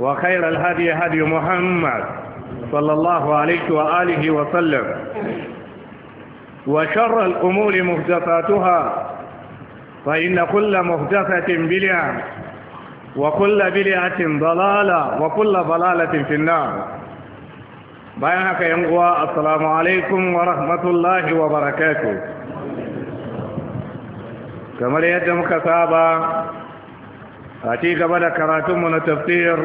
وخير الهدي هدي محمد صلى الله عليه وآله وسلم وشر الأمور مهدفاتها فإن كل مهدفة بلعة وكل بلعة ضلالة وكل ضلالة في النار بيانك ينقوى السلام عليكم ورحمة الله وبركاته كما يدمك سابا a ci gaba da karatunmu na tafsir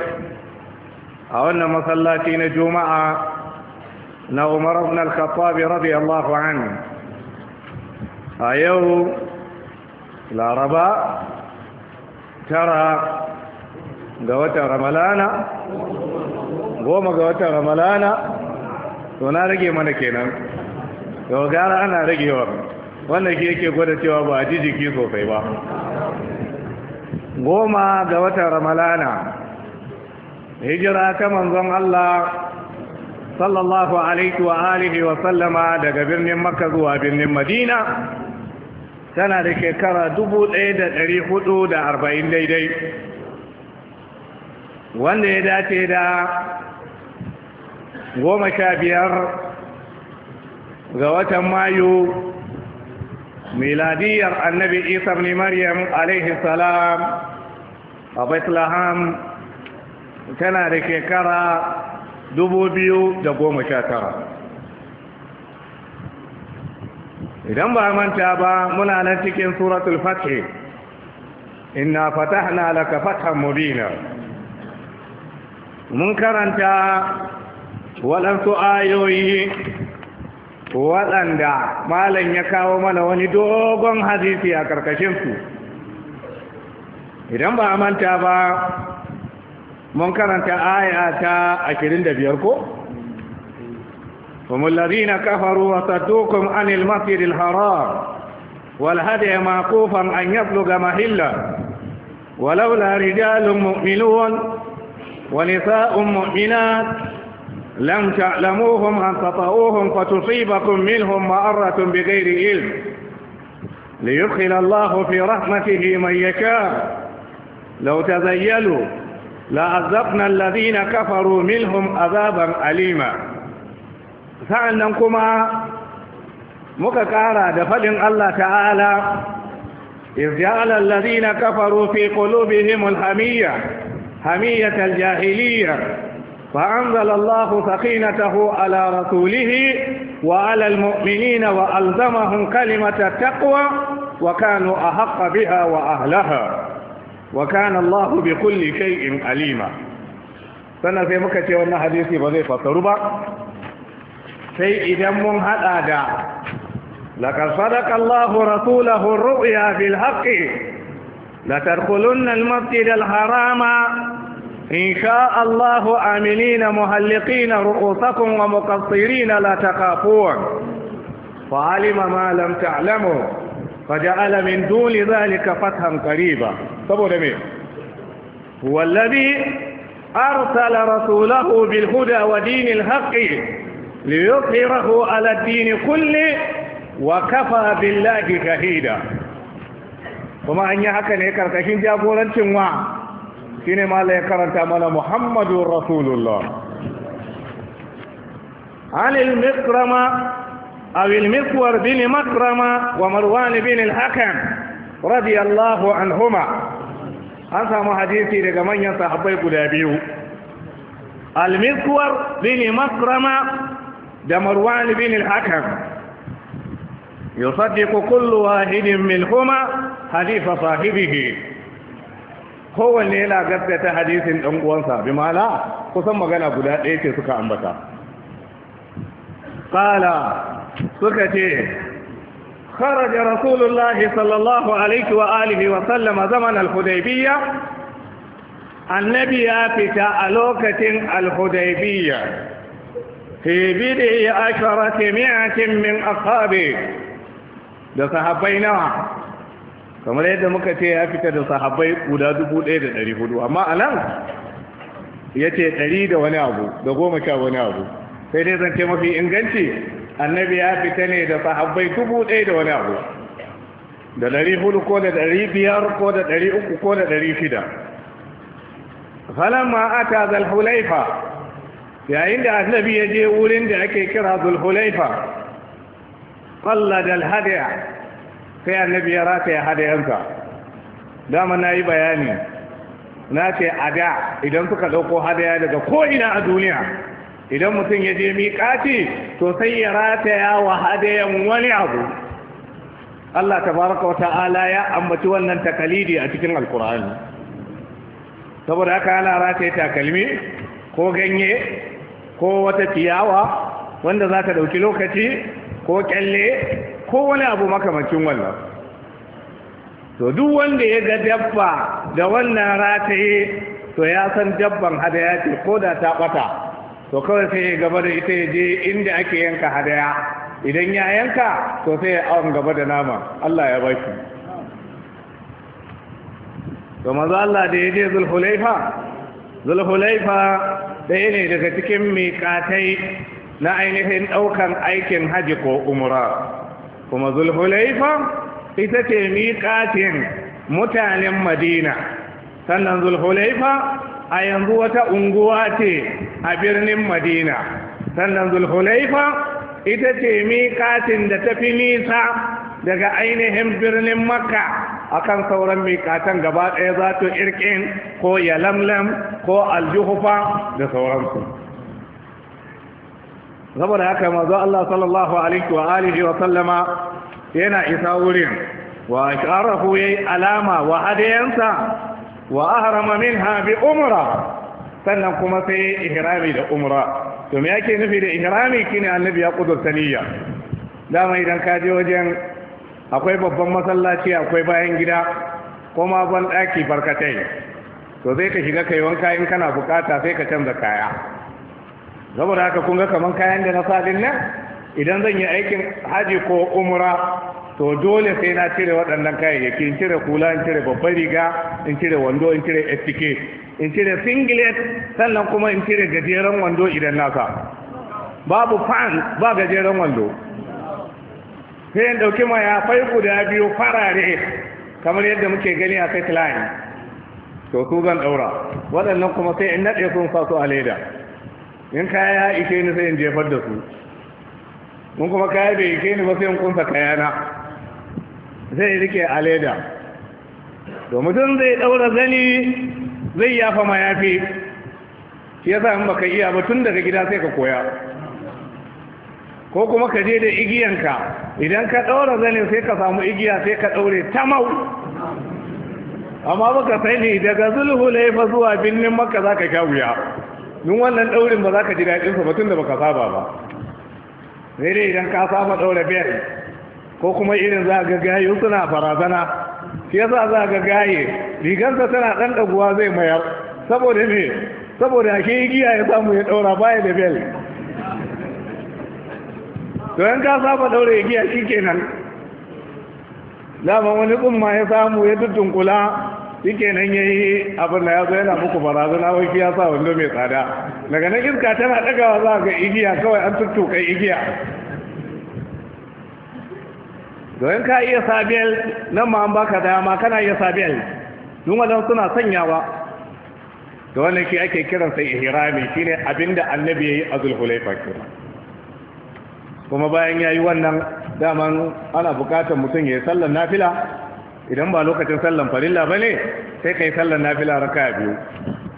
a wannan masallaci na juma'a na umar ibn al-khattab radiyallahu anhu a yau laraba tara ga watan ramalana goma ga watan ramalana to na rage mana kenan to gara ana ragewa wannan shi yake gwada cewa ba a ji jiki sosai ba goma ga watan ramalana hijira ta manzon Allah sallallahu alaihi wa alihi wa sallama daga birnin makka zuwa birnin madina tana da shekara arba'in daidai wanda ya dace da goma sha biyar ga watan mayu miladiyar annabi isar ne maryam alaihi salam a bethlehem tana da shekara tara. idan ba manta ba muna nan cikin suratul fatih inna fatahna laka mu mubina mun karanta waɗansu ayoyi waɗanda malam ya kawo mana wani dogon hadisi a ƙarƙashinsu idan ba a manta ba mun karanta aya ta 25 ko هم الذين كفروا وصدوكم عن المسجد الحرام والهدي معقوفا أن يبلغ محلا ولولا رجال مؤمنون ونساء مؤمنات لم تعلموهم أن تطؤوهم فتصيبكم منهم مأرة بغير علم ليدخل الله في رحمته من يشاء لو تزيلوا لعذبنا الذين كفروا منهم عذابا أليما سألنكما مككارا دفل الله تعالى إذ جعل الذين كفروا في قلوبهم الحمية حمية الجاهلية فأنزل الله سخينته على رسوله وعلى المؤمنين وألزمهم كلمة التقوى وكانوا أحق بها وأهلها wa kana Allahu bi kulli shay'in alima sannan sai muka ce wannan hadisi ba zai fasaru ba sai idan mun hada da laqad sadaqa Allahu rasulahu ar-ru'ya bil haqqi la tadkhulunna al-masjid al-harama إن شاء الله آمنين مهلقين رؤوسكم ومقصرين لا تخافون فعلم ما لم تعلموا فجعل من دون ذلك فتحا قريبا سبو دمير هو الذي أرسل رسوله بالهدى ودين الحق ليظهره على الدين كله وكفى بالله شهيدا وما أن يحكى نيكر تشين جابوا لنشنوا شين ما لا يكرن محمد رسول الله عن المكرمة أو المسور بن مكرمة ومروان بن الحكم رضي الله عنهما أنت محديثي لكمان ينصحبه قدابيه المسور بن مكرمة ومروان بن الحكم يصدق كل واحد منهما حديث صاحبه هو اللي لا hadisin ɗan uwansa بما لا kusan magana guda ɗaya ce suka قال suka ce kharaja rasulullahi sallallahu alaihi wa alihi wa sallama zaman al-hudaybiyya annabi ya fita a lokacin al-hudaybiyya fi bid'i asharati mi'atin min ashabi da sahabbai nawa kamar yadda muka ce ya fita da sahabbai guda dubu ɗaya da ɗari hudu amma a nan ya ce ɗari da wani abu da goma sha wani abu sai dai zance mafi inganci annabi ya fita ne da sahabbai dubu ɗaya da wani abu da ɗari hudu ko da ɗari biyar ko da ɗari uku ko da ɗari shida falamma ata zalhulaifa yayin da annabi ya je wurin da ake kira zulhulaifa qalla dal hadiya sai annabi ya rataya hadayansa dama na yi bayani na ce a da idan suka ɗauko hadaya daga ko ina a duniya idan mutum ya je miƙati to sai ya rataya wa hadayan wani abu Allah tabaraka wa ta'ala ya ambaci wannan takalidi a cikin alkur'ani saboda haka ana rataya takalmi ko ganye ko wata ciyawa wanda za ta ɗauki lokaci ko kyalle ko wani abu makamancin wannan to duk wanda ya ga dabba da wannan rataye to ya san dabban hadaya ce ko da ta ɓata to kawai sai gaba da ita ya je inda ake yanka hadaya idan ya yanka to sai ya awon gaba da nama Allah ya baki to maza Allah da ya je zulhulaifa zulhulaifa ɗaya ne daga cikin miƙatai na ainihin ɗaukan aikin haji ko umura, kuma zulhulaifa ita ce miƙatin mutanen madina sannan zulhulaifa a yanzu wata unguwa ce a birnin madina sannan zulhulaifa ita ce miƙatin da tafi nisa daga ainihin birnin makka akan sauran miƙatan gaba ɗaya za ta irkin ko yalamlam ko aljuhufa da sauransu saboda haka mazu Allah sallallahu alaihi wa alihi wa sallama yana isa wurin wa sharafu yayi alama wa hadayansa wa ahrama minha bi umra sannan kuma sai ihrami da umra to me yake nufi da ihrami kine annabi ya kudurta niyya dama idan ka je wajen akwai babban masallaci akwai bayan gida kuma ban daki barkatai to zai ka shiga kai wanka in kana bukata sai ka canza kaya saboda haka kun ga kaman kayan da na sadin nan idan zan yi aikin haji ko umra to dole sai na cire waɗannan kayayyaki in cire kula in cire babbar riga in cire wando in cire stk in cire singlet sannan kuma in cire gajeren wando idan nasa babu fan ba gajeren wando sai in ɗauki mayafai guda biyu farare kamar yadda muke gani a kai to su zan ɗaura waɗannan kuma sai in naɗe sun faso a leda in kaya ya ike ni sai in jefar da su Mun kuma kaya bai ike ni ba sai in kunsa kayana zai rike a leda to mutum zai daura zani zai yafa mayafi shi yasa sami baka iya ba daga gida sai ka koya ko kuma ka je da igiyanka idan ka daura zani sai ka samu igiya sai ka daure tamau amma baka sani daga zulhu laifa zuwa birnin maka za ka wuya nun wannan ɗaurin ba za ka ji daɗinsa sa ba da baka saba ba sai dai idan ka saba ɗaura biyar ko kuma irin za ga gayu suna farazana shi yasa za ga gaye rigarsa tana ɗan ɗaguwa zai mayar saboda me saboda yi giya ya samu ya ɗaura baya da bel to yan ka saba ɗaura giya shi kenan dama wani tsumma ya samu ya kula? shi nan ya yi abin da ya zo yana muku barazana wai shi ya sa wando mai tsada daga nan iska tana ɗagawa za ga igiya kawai an tuttuka igiya don ka iya sabiyar nan ma an baka dama kana iya sabiyar dun wadan suna sanyawa da wannan shi ake kiran sai shi shine abinda annabi yi a zulhulai kuma kuma bayan yi wannan daman ana bukatar mutum ya yi sallar nafila idan ba lokacin sallar farilla ne sai ka yi sallar nafila raka biyu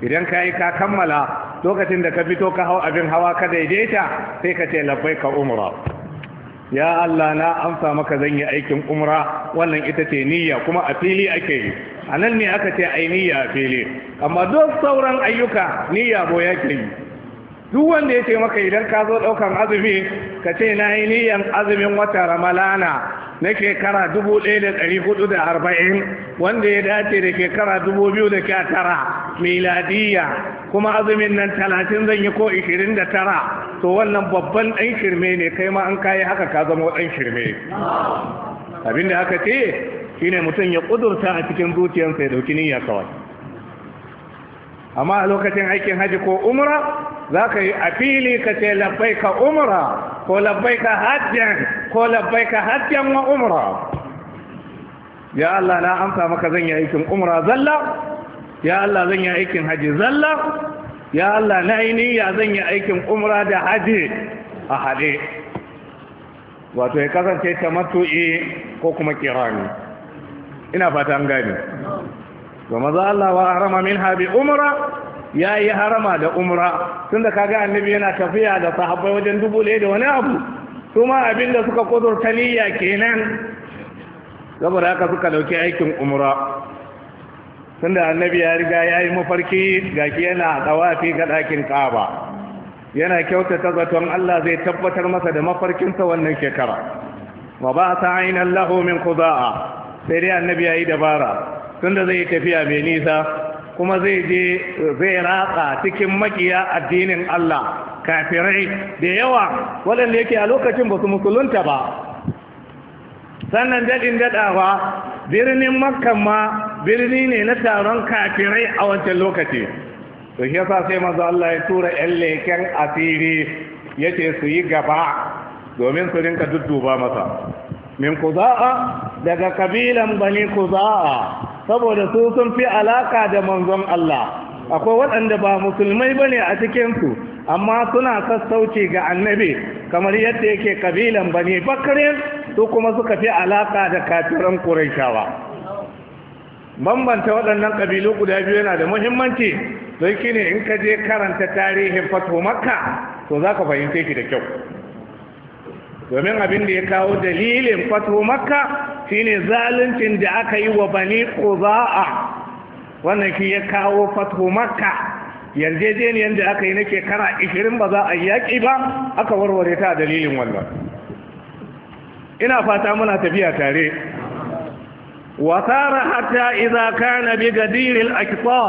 idan ka yi ka kammala lokacin da ka fito ka hau abin hawa ka daidaita sai ka ce labbai ka umra ya Allah na amsa maka zan yi aikin umra wannan ita ce niyya kuma a fili ake yi a nan ne aka ce ai niyya a fili amma duk sauran ayyuka niyya boye ke yi duk wanda ya ce maka idan ka zo ɗaukan azumi ka ce na yi niyan azumin wata ramalana na shekara arba'in, wanda ya dace da shekara tara miladiya kuma azumin nan talatin zan yi ko tara, to wannan babban ɗan shirme ne kai ma an kayi haka ka zama ɗan shirme abinda haka ce shine mutum ya ƙudurta a cikin zuciyarsa ya dauki niyya kawai amma a lokacin aikin haji ko umra za ka yi a fili ka ce labbai ka umra ko labbai ka hajjan ko labbai ka hajjan wa umra ya Allah na amsa maka zan yi aikin umra zalla ya Allah zan yi aikin haji zalla ya Allah na yi niyya zan yi aikin umra da haji a haɗe wato ya kasance tamattu'i ko kuma kirani ina fata an gani. ga maza Allah wa harama min habi umra ya yi harama da umra tun da kaga annabi yana tafiya da sahabbai wajen dubu ɗaya da wani abu su ma abin da suka kudurta niyya kenan saboda haka suka ɗauki aikin umra tun da annabi ya riga ya yi mafarki ga ki yana tsawafi ga ɗakin kaba. yana kyautata zaton Allah zai tabbatar masa da mafarkinsa wannan shekara wa ba ta ainihin lahu kuza'a sai dai annabi ya yi dabara tunda zai tafiya mai nisa kuma zai je zai ratsa cikin makiya addinin Allah kafirai da yawa waɗanda yake a lokacin ba su musulunta ba sannan daɗin daɗawa birnin makka ma birni ne na taron kafirai a wancan lokaci to shi yasa sai maza Allah ya tura 'yan leken asiri ya ce su yi gaba domin su rinka dudduba masa min kuza'a daga kabilan bani kuza'a saboda su sun fi alaka da manzon Allah akwai waɗanda ba musulmai ba ne a cikinsu amma suna sassauci ga annabi kamar yadda yake kabilan bane bakarin su kuma suka fi alaka da kafiran ƙuraishawa bambanta waɗannan ƙabilu guda biyu yana da muhimmanci don ne in ka je karanta tarihin fato makka to za ka fahimce ki da kyau domin abin da ya kawo dalilin fato makka shine zaluncin da aka yi wa bani quza'a wannan shi ya kawo fato makka yarjejeniyar da aka yi na shekara 20 ba za a yaƙi ba aka warware ta dalilin wannan ina fata muna tafiya tare wasara hatta iza kana bi gadiril akta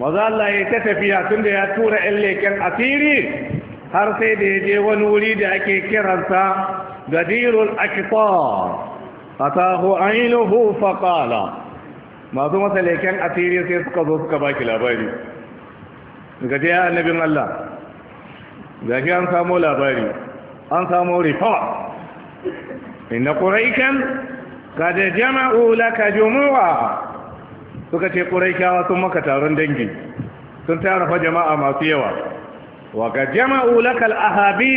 maza Allah ya ta tafiya tunda ya tura ƴan leken asiri har sai da ya je wani wuri da ake kiransa gadirul akitar fatahu ainihu faqala masu masaleken asiri sai suka zo suka ba ki labari daga ya annabin Allah ga shi an samo labari an samo report inna quraikan kad jama'u laka jumu'a suka ce quraikawa sun maka taron dangi sun tara fa jama'a masu yawa waka jama'u lakal ahabi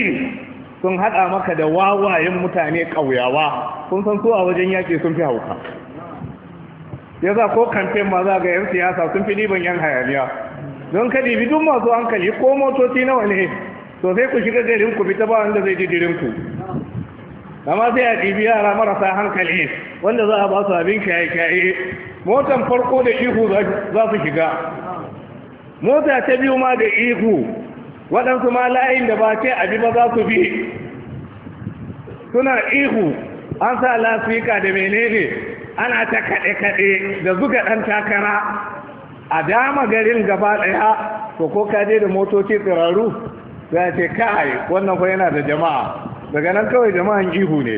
sun hada maka da wawayen mutane kauyawa kun san su a wajen yaki sun fi hauka yasa ko kamfen ma za ga yan siyasa sun fi diban yan hayaniya don ka dibi duk masu hankali ko motoci nawa ne to sai ku shiga garin ku fita ba wanda zai ji dirin ku amma sai a dibi yara marasa hankali wanda za a ba su abin kyaye-kyaye motan farko da ihu za su shiga mota ta biyu ma da ihu waɗansu ma layin da ba ce abi ba za su fi suna ihu an sa lasika da menene ana ta kaɗe-kaɗe da zuga ɗan takara a dama garin gaba ɗaya to ko kaje da motoci tsiraru za ce kai wannan kwa yana da jama'a daga nan kawai jama'an ihu ne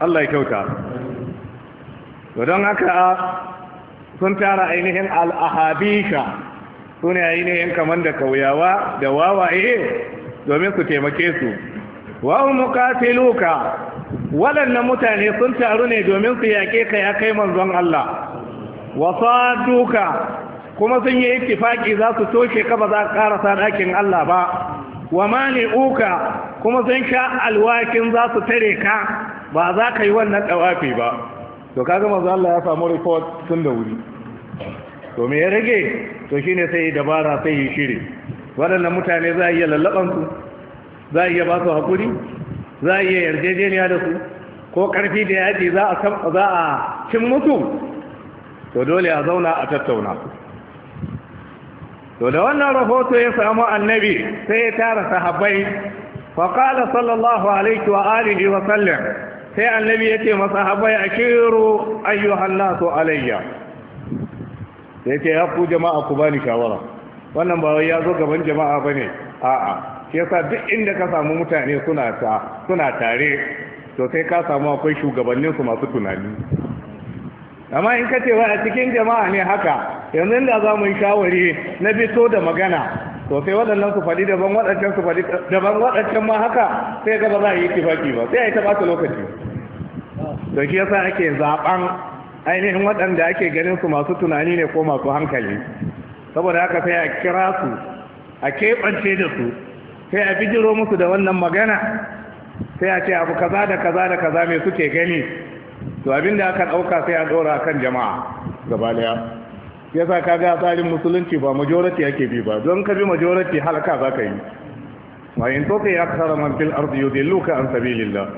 Allah ya kyauta don haka sun tara ainihin al'ahabisha Su ne yan kaman da kauyawa da wawaye domin su taimake su wa muqatiluka waɗannan mutane sun taru ne domin su yaƙe ka ya kai manzon Allah wa saduka kuma sun yi ittifaki za su toshe ka ba za ka karasa dakin Allah ba wa uka kuma sun sha alwakin za su tare ka ba za ka yi wannan dawafi ba to kaga manzon Allah ya samu report tun da wuri to me ya rage to shine sai dabara sai yi shiri waɗannan mutane za a iya lallabansu, su za a iya ba su hakuri za a iya yarjejeniya da su ko karfi da yaji za a za a cin mutu to dole a zauna a tattauna to da wannan rahoto ya samu annabi sai ya tara sahabbai faƙala sallallahu alaihi wa alihi wa sallam sai annabi ya ce sahabai a shiru ayyuhan nasu alayya da yake ya ku jama'a ku bani shawara wannan ba wai ya zo gaban jama'a bane a'a shi yasa duk inda ka samu mutane suna ta suna tare to sai ka samu akwai shugabannin su masu tunani amma in ka ce wa a cikin jama'a ne haka yanzu da za mu yi shawari na fito da magana to sai waɗannan su faɗi daban waɗancan su faɗi daban waɗancan ma haka sai ga ba za a yi tifaki ba sai a yi ta ɓata lokaci to shi yasa ake zaɓan ainihin waɗanda ake ganin su masu tunani ne ko masu hankali saboda haka sai a kira su a keɓance da su sai a bijiro musu da wannan magana sai a ce abu kaza da kaza da kaza mai suke gani to abin da aka ɗauka sai a ɗora kan jama'a gaba daya ka ga tsarin musulunci ba majority ake bi ba don ka bi majority halaka za ka yi wa in toka ya kasara man fil ardi yudilluka an sabilillah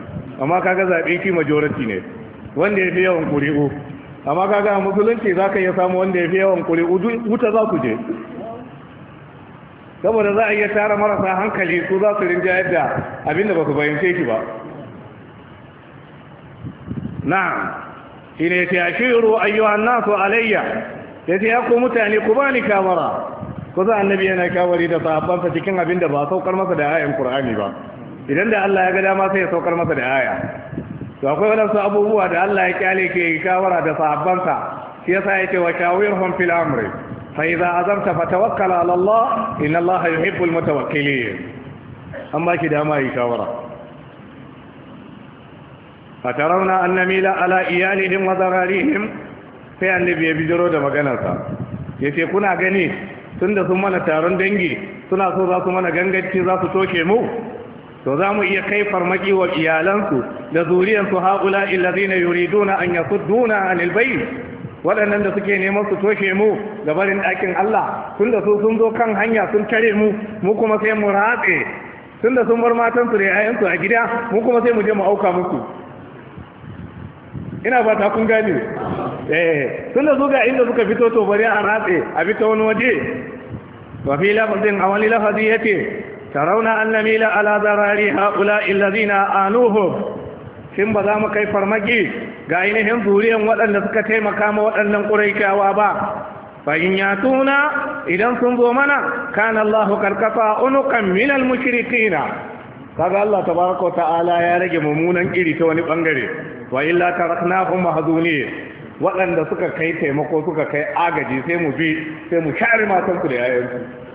amma kaga zabe ki majority ne wanda ya bi yawan kuri'u amma kaga a musulunci za ka iya samu wanda ya fi yawan kuri wuta za ku je saboda za a iya tara marasa hankali su za su rinja yadda abinda ba su bayyance shi ba na shi ne ta shiru ayyuhan nasu alayya ya ce ya ku mutane ku bani kamara ku za annabi yana kawari da sahabbansa cikin abinda ba saukar masa da ayan Kur'ani ba idan da Allah ya ga dama sai ya saukar masa da aya to akwai wadansu abubuwa da Allah ya kyale ke kawara da sahabbansa shi yasa yake wa shawirhum fil amri fa idza azamta fatawakkal ala Allah inna Allah yuhibbul mutawakkilin an ba ki dama yi kawara. a tarauna annamila ala iyalihim wa zararihim sai annabi ya bijiro da maganarsa ya ce kuna gani tun da sun mana taron dangi suna so za su mana ganganci za su toshe mu to za mu iya kai farmaki wa iyalansu da zuriyansu haƙula yuri, yuriduna an yasudduna anil bayt waɗannan da suke neman su toshe mu da barin ɗakin Allah tun da su sun zo kan hanya sun tare mu mu kuma sai mu ratse tun da sun bar matansu da 'ya'yansu a gida mu kuma sai mu je mu auka musu ina ba ta kun gane eh tun da su ga inda suka fito to bari a ratse a bi ta wani waje wa fi lafazin a wani lafazi yake. ترون أن نميل على ضرار هؤلاء الذين آنوهم shin ba za mu kai farmaki ga ainihin zuriyan waɗanda suka taimaka ma waɗannan ƙuraikawa ba Ba in ya tuna idan sun zo mana kana Allahu karkata unukan min mushrikina kaga Allah tabaraka wa ta'ala ya rage mummunan iri ta wani bangare wa illa taraknahum mahzuni waɗanda suka kai taimako suka kai agaji sai mu bi sai mu share matan da yayansu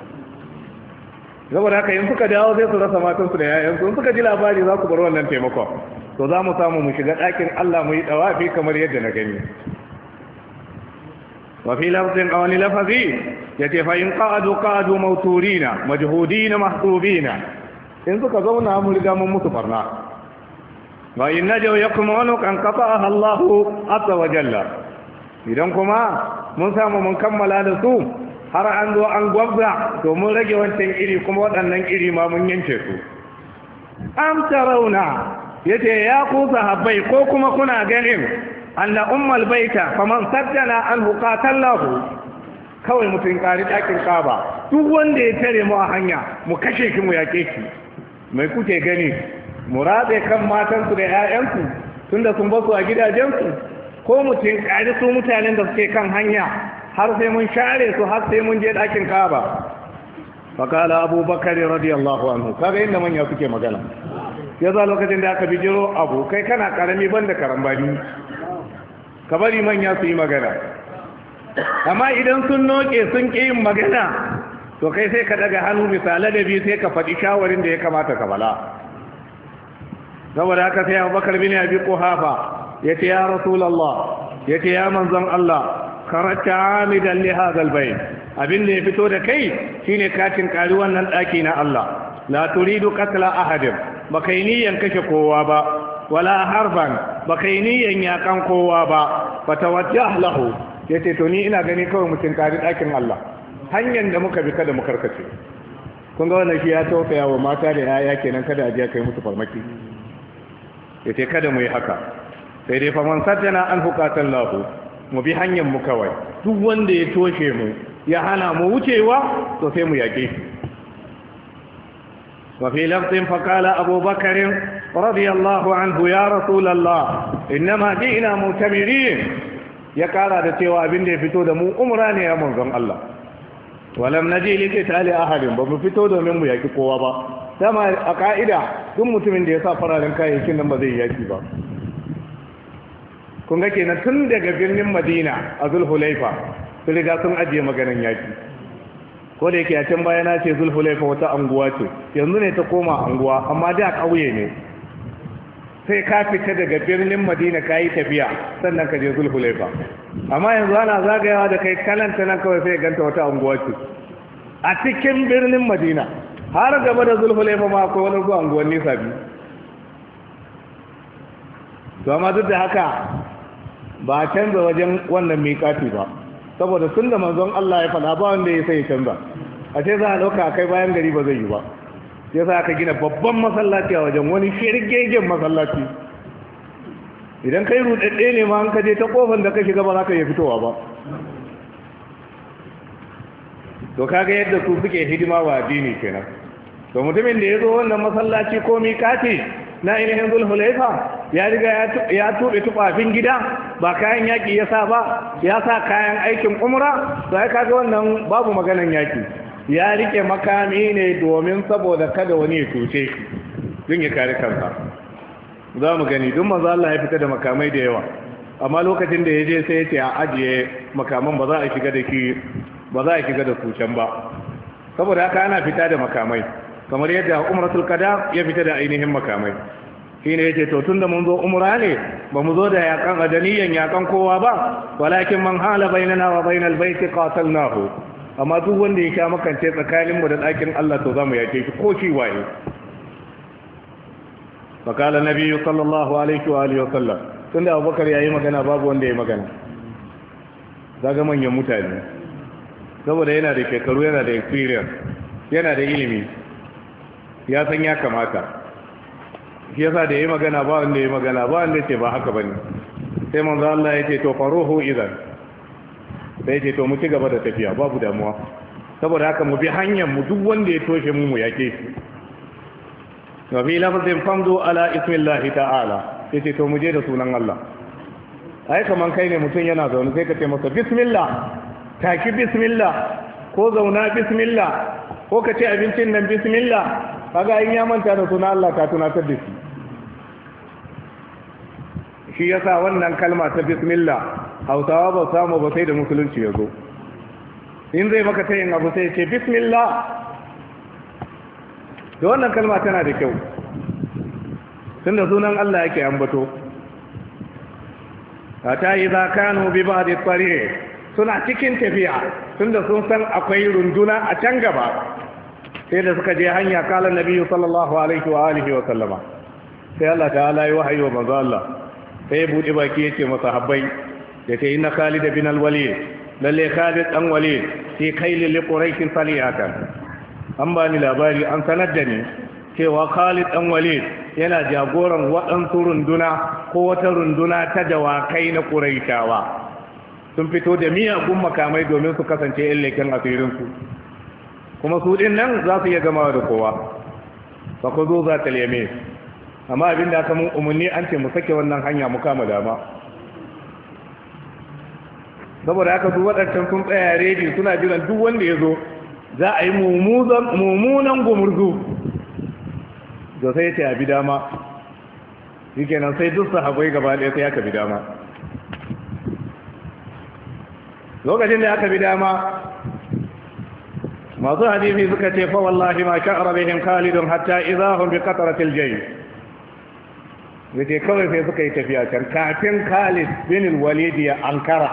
saboda haka in suka dawo zai su rasa matansu da yayansu in suka ji labari za ku bar wannan taimakon to za mu samu mu shiga ɗakin Allah mu yi ɗawafi kamar yadda na gani wa fi lafzin a wani lafazi ya ce fa in ƙa'adu ƙa'adu mauturina majhudina mahdubina in suka zauna mu riga mun mutu barna wa in najaw yakmanu kan qata'a Allahu azza wa jalla idan kuma mun samu mun kammala da su har an zo an gwabza domin rage wancan iri kuma waɗannan iri ma mun yanke su am tarauna yace ya ku sahabbai ko kuma kuna ganin anna ummal baita faman saddana an huqatallahu kawai mutum kari dakin kaba duk wanda ya tare mu a hanya mu kashe ki mu yake shi mai kuke gani mu murabe kan matansu da 'ya'yansu tunda sun basu a gidajensu ko mutum kari su mutanen da suke kan hanya har sai mun share su har sai mun je ɗakin kaba fakala abubakar radiyallahu anhu kaga inda manya suke magana ya za lokacin da aka bijiro abu kai kana karami banda karambani ka bari manya su yi magana amma idan sun noke sun ƙi yin magana to kai sai ka daga hannu misala da biyu sai ka faɗi shawarin da ya kamata ka bala saboda haka sai abubakar bin abi kuhafa ya ce ya rasulallah ya ce ya manzon allah kharajta amidan li hadha albayt abin da ya fito da kai shine katin kari wannan ɗaki na Allah la turidu qatla ahadin baka yi niyyan kashe kowa ba wala harban baka yi niyyan yakan kowa ba fatawajjah lahu yace to ni ina gani kawai mutun kari dakin Allah hanyar da muka bi kada mu karkace kun ga wannan shi ya tausaya wa mata da yaya kenan kada a je kai musu farmaki yace kada mu yi haka sai dai faman sattana an hukatan mu bi hanyar mu kawai duk wanda ya toshe mu ya hana mu wucewa to mu yake wa fi lafzin fa kala abubakar radiyallahu anhu ya rasulullah inma bi'na mutamirin ya kara da cewa abin da ya fito da mu umra ne ya manzon Allah walam naji li qitali ahadin ba mu fito domin mu yaki kowa ba dama a kaida duk mutumin da ya sa fararen kayayyakin nan ba zai yaki ba kun ga kenan tun daga birnin madina a zulhulaifa sun riga sun ajiye maganin yaki ko da yake a can baya na ce zulhulaifa wata anguwa ce yanzu ne ta koma anguwa amma da ƙauye ne sai ka fita daga birnin madina ka yi tafiya sannan ka je zulhulaifa amma yanzu ana zagayawa da kai kananta nan kawai sai ganta wata anguwa ce a cikin birnin madina har gaba da zulhulaifa ma akwai wani zuwa anguwanni sabi to amma duk da haka ba a canza wajen wannan miƙati ba saboda sun da manzon Allah ya faɗa ba wanda ya sai canza a ce za a ɗauka a kai bayan gari ba zai yi ba ya sa aka gina babban masallaci a wajen wani shirgegen masallaci idan kai rudadde ne ma an ka je ta kofar da ka shiga ba za ka iya fitowa ba to kaga yadda su suke hidima wa addini kenan to mutumin da ya zo wannan masallaci ko miƙati na ainihin zulhulaifa ya riga ya tuɓe tufafin gida ba kayan yaƙi ya sa ba ya sa kayan aikin umra da ya kaga wannan babu maganan yaƙi ya rike makami ne domin saboda kada wani ya tuce shi ya kare kansa za mu gani duk maza Allah ya fita da makamai da yawa amma lokacin da ya je sai ya ce a ajiye makaman ba za a shiga da ki ba za a shiga da ba saboda haka ana fita da makamai kamar yadda umratul qada ya fita da ainihin makamai shine yace to tunda mun zo umra ne ba mu zo da yakan adaniyan yakan kowa ba walakin man hala bainana wa bainal bait qatalnahu amma duk wanda ya sha makance tsakanin mu da dakin Allah to zamu yake shi ko shi waye fakala nabi sallallahu alaihi wa alihi wa sallam tunda abubakar yayi magana babu wanda yayi magana daga manyan mutane saboda yana da shekaru yana da experience yana da ilimi ya san ya kamata shi yasa da yayi magana ba wanda yayi magana ba wanda yace ba haka bane sai manzo Allah yace to faruhu idan sai yace to mu ci gaba da tafiya babu damuwa saboda haka mu bi hanyar mu duk wanda ya toshe mu mu yake shi wa fi lafzin famdu ala ismillahi ta'ala yace to mu je da sunan Allah ai kaman kai ne mutum yana zaune sai ka ce masa bismillah taki bismillah ko zauna bismillah ko ka ce abincin nan bismillah kaga in ya manta da suna Allah ka tunatar da shi shi sa wannan kalma ta bismillah hausawa ba samu ba sai da musulunci ya zo in zai maka tayin abu sai ce bismillah da wannan kalma tana da kyau tun da sunan Allah yake ambato a ta yi za kanu bi ba da tsari suna cikin tafiya tun da sun san akwai runduna a can gaba sai da suka je hanya kala nabi sallallahu alaihi wa alihi wa sallama sai Allah ta'ala ya wahayi wa manzo Allah sai ya bude baki yace masa habbai yace inna Khalid bin al-Walid lalle Khalid dan Walid fi kayl li quraish faliyatan an ba ni labari an sanar da ni cewa Khalid dan Walid yana jagoran waɗansu runduna ko wata runduna ta dawakai na quraishawa sun fito da miyagun makamai domin su kasance yan leken asirinsu kuma su din nan za su iya gama da kowa fa ku zo za ta leme amma abin da aka mun umarni an ce mu sake wannan hanya mu kama dama saboda aka zo waɗancan sun tsaya rediyo suna jiran duk wanda ya zo za a yi mummunan gumurzu da sai ta bi dama shi kenan sai duk sahabai gaba ɗaya sai aka bi dama lokacin da aka bi dama masu hadisi suka ce fa wallahi ma sha'ara bihim khalidun hatta idza hum bi qatratil jayy yace kawai sai suka yi tafiya can kafin Khalid bin Walid ya ankara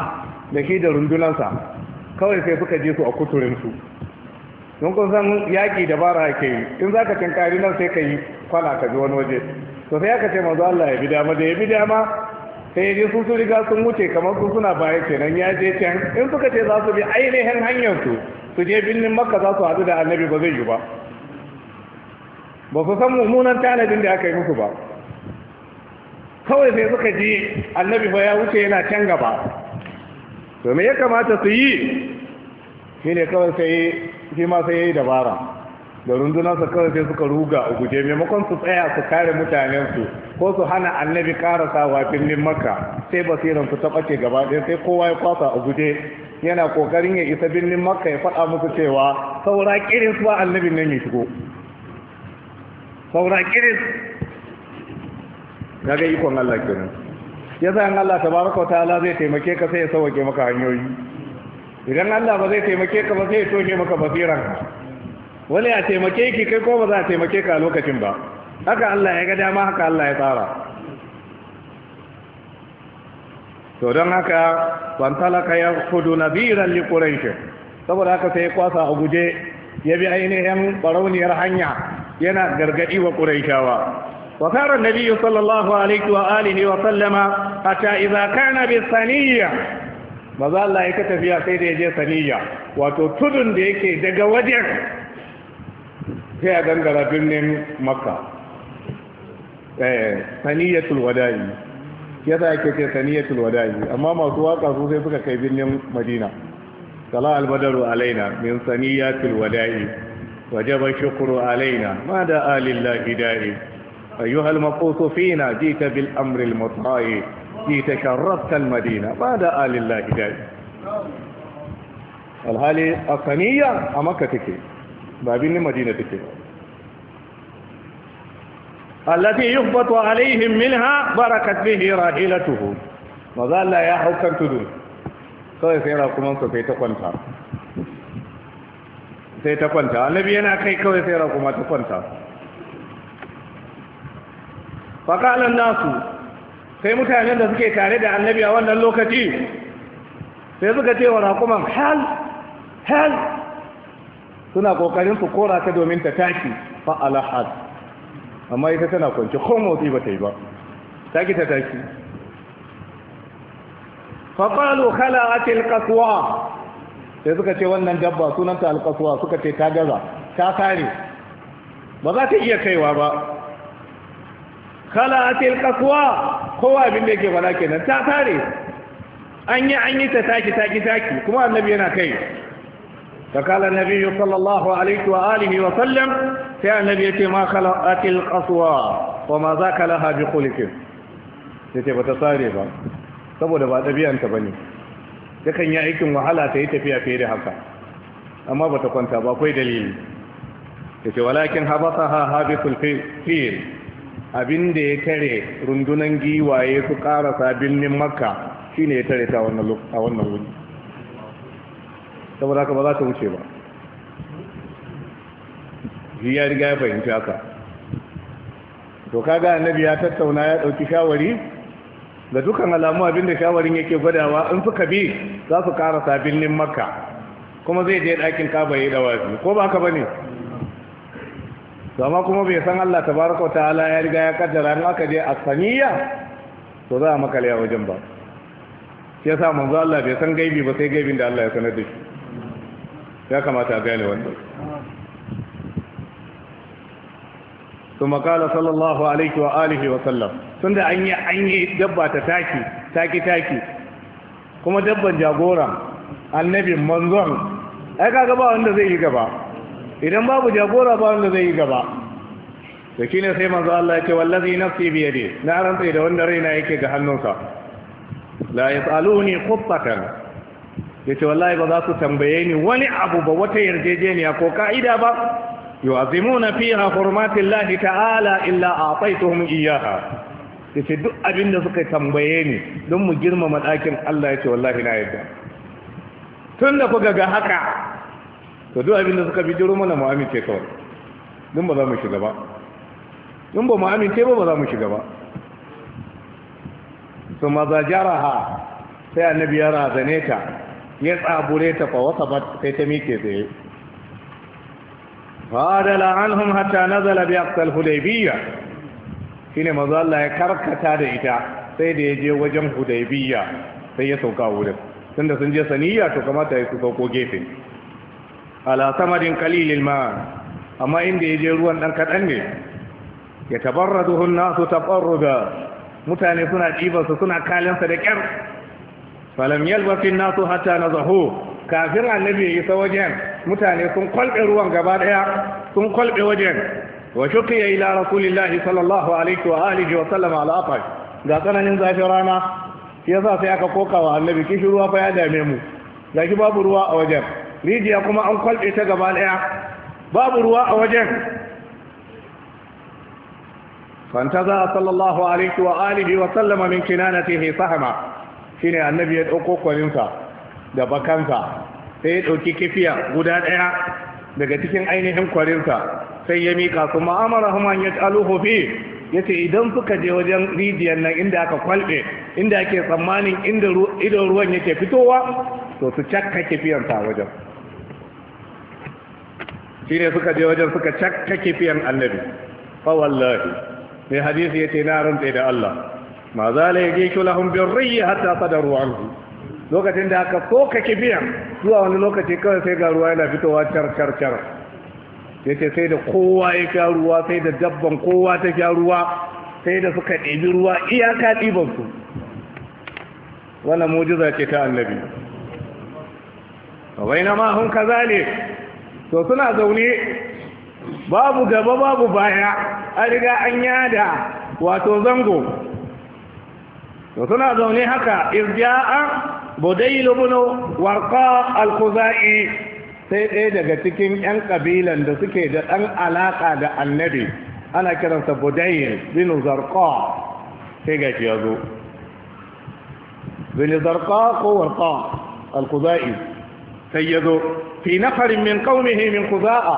da shi da rundunansa kawai sai suka je su a kuturin su don kun san yaƙi dabara ke yi in za ka tinkari nan sai kai kwana ka ji wani waje to sai aka ce manzo Allah ya bi dama da ya bi dama sai ya je su su riga sun wuce kamar su suna baya kenan ya je can in suka ce za su bi ainihin hanyar su su je birnin makka za su haɗu da annabi ba zai yi ba ba su san mummunan tanadin da aka yi musu ba kawai sai suka ji annabi ba ya wuce yana can gaba to me ya kamata su yi shi ne kawai sai shi ma sai ya yi dabara da rundunarsa kawai sai suka ruga a guje maimakon su tsaya su kare mutanensu ko su hana annabi karasa wa birnin makka sai basiran ta ɓace gaba ɗaya sai kowa ya kwasa a guje yana kokarin ya isa birnin makka ya faɗa musu cewa saura kiris ba annabin nan ya shigo saura kiris ga ikon Allah kenan ya zan Allah ta ta ta'ala zai taimake ka sai ya sauke maka hanyoyi idan Allah ba zai taimake ka ba sai ya toke maka basiran wani a taimake ki kai ko ba za a taimake ka a lokacin ba haka Allah ya ga dama haka Allah ya tsara to don haka wantalaka ya kudu nabiran li likuranshi. saboda haka sai ya kwasa a guje ya bi ainihin barauniyar hanya yana gargadi wa alaihi وصار النبي صلى الله عليه وآله وسلم حتى إذا كان بالثنية maza Allah ya kata fiya sai da ya je saniya wato tudun da yake daga wajen sai a gangara birnin makka eh, saniyatul wada'i yadda ake ce saniyatul wada'i amma masu waka su sai suka kai birnin madina sala albadaru alaina min saniyatul wada'i wajaba shukru alaina ma da alillahi da'i ayyuhal maqutu fina jita bil amri al muta'i jita sharrafta al madina ma da alillahi da'i alhali a saniya a makka take ba birnin madina take ba allati yuhbatu alaihim minha barakat bihi rahilatuhu maza Allah ya haukan tudu kawai sai rakuman su sai ta kwanta sai ta kwanta annabi yana kai kawai sai nasu sai mutanen da suke tare da annabi a wannan lokaci sai suka ce wa rakuman hal hal suna ƙoƙarin su kora ta domin ta tashi fa'alahat amma ita tana kwanci ko motsi ba ta yi ba ta ki ta tashi faƙalu khala'atil qaswa sai suka ce wannan dabba sunanta alƙaswa suka ce ta gaza ta kare ba za ta iya kaiwa ba kala khala'atil qaswa kowa abin da yake fara kenan ta kare an yi an yi ta taki taki taki kuma annabi yana kai فقال النبي صلى الله عليه وآله وسلم sai annabi ya ce ma atil kasuwa ko ma zaka laha bi ce ba ta sare ba saboda ba ba ne. yakan yi aikin wahala ta yi tafiya fiye da haka amma ba ta kwanta ba kwai dalili ce walakin habasaha haɓi fil abin da ya tare rundunan giwaye su sabin birnin makka shine ya tare ta a wannan wuni. saboda haka ba za ta wuce ba shi ya riga ya fahimci haka to kaga annabi ya tattauna ya dauki shawari ga dukan alamu abinda shawarin yake gwadawa in suka bi za su karasa birnin makka kuma zai je ɗakin kaba ya dawazi ko ba haka bane to amma kuma bai san Allah tabaraka wa ta'ala ya riga ya kaddara in aka je asaniya to za a makale a wajen ba shi sa manzo Allah bai san gaibi ba sai gaibin da Allah ya sanar da shi ya kamata a gane wannan ثم قال صلى الله عليه وآله وسلم تند أني أني دبا تتاكي تاكي تاكي كما دبا جاغورا النبي منظر أكا قبا أنت زي قبا إذن باب جاغورا با أنت زي قبا لكن سيما قال الله والذي نفسي بيدي نعلم تيد وند رينا يكي جهنوسا لا يسألوني خطة yace wallahi ba za su tambaye ni wani abu ba wata yarjejeniya ko ka'ida ba yu'azimuna fiha hurmatillahi ta'ala illa a'taytuhum iyyaha yace duk abinda suka tambaye ni don mu girmama ɗakin Allah yace wallahi na yadda tun da kuka ga haka to duk abinda suka bi jiro mana mu amince kawai don ba za mu shiga ba don ba mu amince ba ba za mu shiga ba su maza jaraha sai annabi ya razane ta ya tsabure ta fa wasa sai ta mike tsaye فادل عنهم حتى نزل بأقصى الهديبية في مظلة كركة تاريتا سيد يجي وجم هديبية سيد وكاورب سند سنجي سنية تكما تيسوكو جيفن على ثمر قليل الماء أما عند يجي روان أنكت أنجي يتبرده الناس تبرد متاني سنة إيبس سنة كالين سدكر فلم يلبس الناس حتى نزهو كافر النبي يسوى جيفن mutane sun kwalbe ruwan gaba daya sun kwalbe wajen wa shuqiya ila rasulillahi sallallahu alaihi wa alihi wa sallama ala afaj ga tsananin zafin rana yasa sai aka koka wa annabi kishi ruwa fa ya dame mu gashi babu ruwa a wajen rijiya kuma an kwalbe ta gaba daya babu ruwa a wajen sallallahu alaihi wa صلى الله عليه وآله وسلم من كنانته سهما شين النبي يدعو da bakansa. sai ya ɗauki kifiya guda ɗaya daga cikin ainihin kwarinsa sai ya miƙa su ma'amara an ya aluhu fi ya ce idan suka je wajen rijiyar nan inda aka kwalɓe inda ake tsammanin inda idan ruwan yake fitowa to su cakka kifiyansa a wajen shi ne suka je wajen suka cakka kifiyan annabi fa wallahi mai hadisi ya ce na rantse da Allah ma za la yake kulahum birri hatta ruwan su. lokacin da aka soka kibiyan zuwa wani lokaci kawai sai ga ruwa yana fitowa car car car ya ce sai da kowa ya sha ruwa sai da dabban kowa ta sha ruwa sai da suka ɗebi ruwa iyaka ɗibansu wannan mujiza ce ta annabi bai na mahun kaza ne to suna zaune babu gaba babu baya a riga an yada wato zango to suna zaune haka irja'a budayl ibn warqa al-khuzai sai ɗaya daga cikin ƴan ƙabilan da suke da ɗan alaƙa da annabi ana kiransa budayl bin zarqa sai ga ya zo bin zarqa ko warqa al-khuzai sai ya zo fi nafarin min qaumihi min khuza'a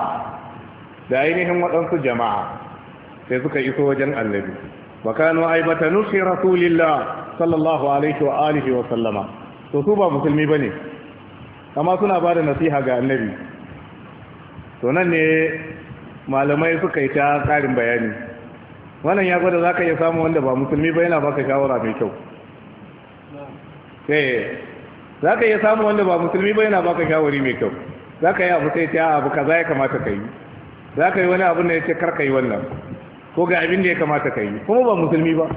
da ainihin waɗansu jama'a sai suka iso wajen annabi wa kanu aibata nufi rasulillah sallallahu alaihi wa alihi wa sallama to su ba musulmi ba ne amma suna ba da nasiha ga annabi to nan ne malamai suka yi ta tsarin bayani wannan ya gwada za ka iya samu wanda ba musulmi ba yana baka shawara mai kyau sai eh za ka iya samu wanda ba musulmi ba yana baka shawari mai kyau za ka yi abu sai ta abu kaza ya kamata ka yi za ka yi wani abu na ya ce karka yi wannan ko ga abin da ya kamata ka yi kuma ba musulmi ba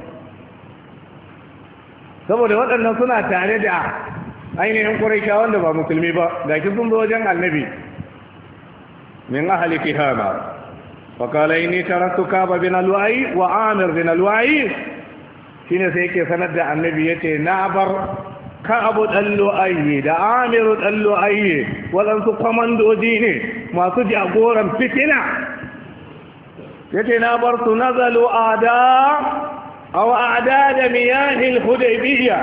saboda waɗannan suna tare da ainihin ƙuraisha wanda ba musulmi ba da ki sun zo wajen annabi min ahli kihama fa qala inni taraktu kaba bin alwa'i wa amir bin alwa'i shine sai yake sanar da annabi yace na bar ka'abu dan lu'ayyi da amir dan lu'ayyi waɗansu kwamandoji ne masu jagoran fitina yace na bar su nazalu ada aw a'dada miyahil hudaybiyya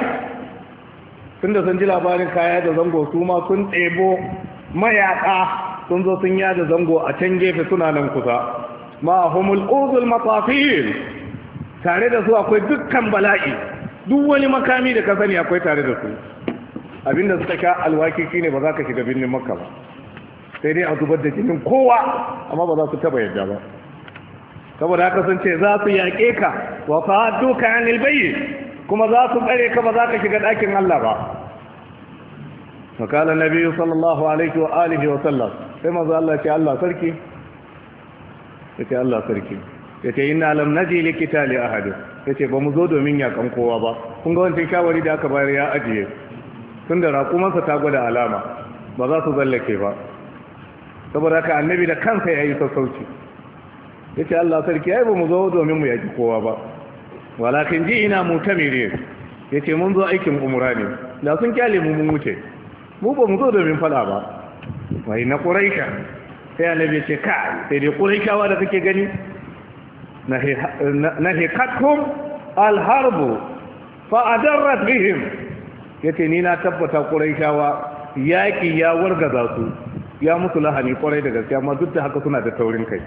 tunda sun ji labarin kaya da zango su ma sun ɗebo mayaka sun zo sun yada zango a can gefe suna nan kusa ma humul uzul matafil tare da su akwai dukkan bala'i duk wani makami da ka sani akwai tare da su abinda suka sha alwakiki ne ba za ka shiga birnin makka ba sai dai a zubar da jinin kowa amma ba za su taɓa yadda ba saboda haka sun ce za su yaƙe ka wa fa'addu ka anil bayyi kuma za su tsare ka ba za ka shiga ɗakin Allah ba fakala nabiyyu sallallahu alaihi wa alihi wa sallam sai manzo Allah ce Allah sarki yace Allah sarki yace inna lam naji li qitali ahad yace ba mu zo domin yakan kowa ba kun ga wancan shawari da aka bayar ya ajiye tunda raƙumansa ta gwada alama ba za su zallake ba saboda haka annabi da kansa ya yi sassauci ya ce Allah sarki ya yi ba mu zo domin mu yaki kowa ba walakin ji ina mu ta mire ya ce mun zo aikin umura ne da sun kyale mu mun wuce mu ba mu zo domin fada ba wai na ƙuraisha sai annabi ya ce ka sai dai wa da kake gani na hekatkum alharbu fa'adarrat bihim ya ce ni na tabbata wa yaƙi ya wargaza su ya musu lahani ƙwarai da gaskiya amma duk da haka suna da taurin kai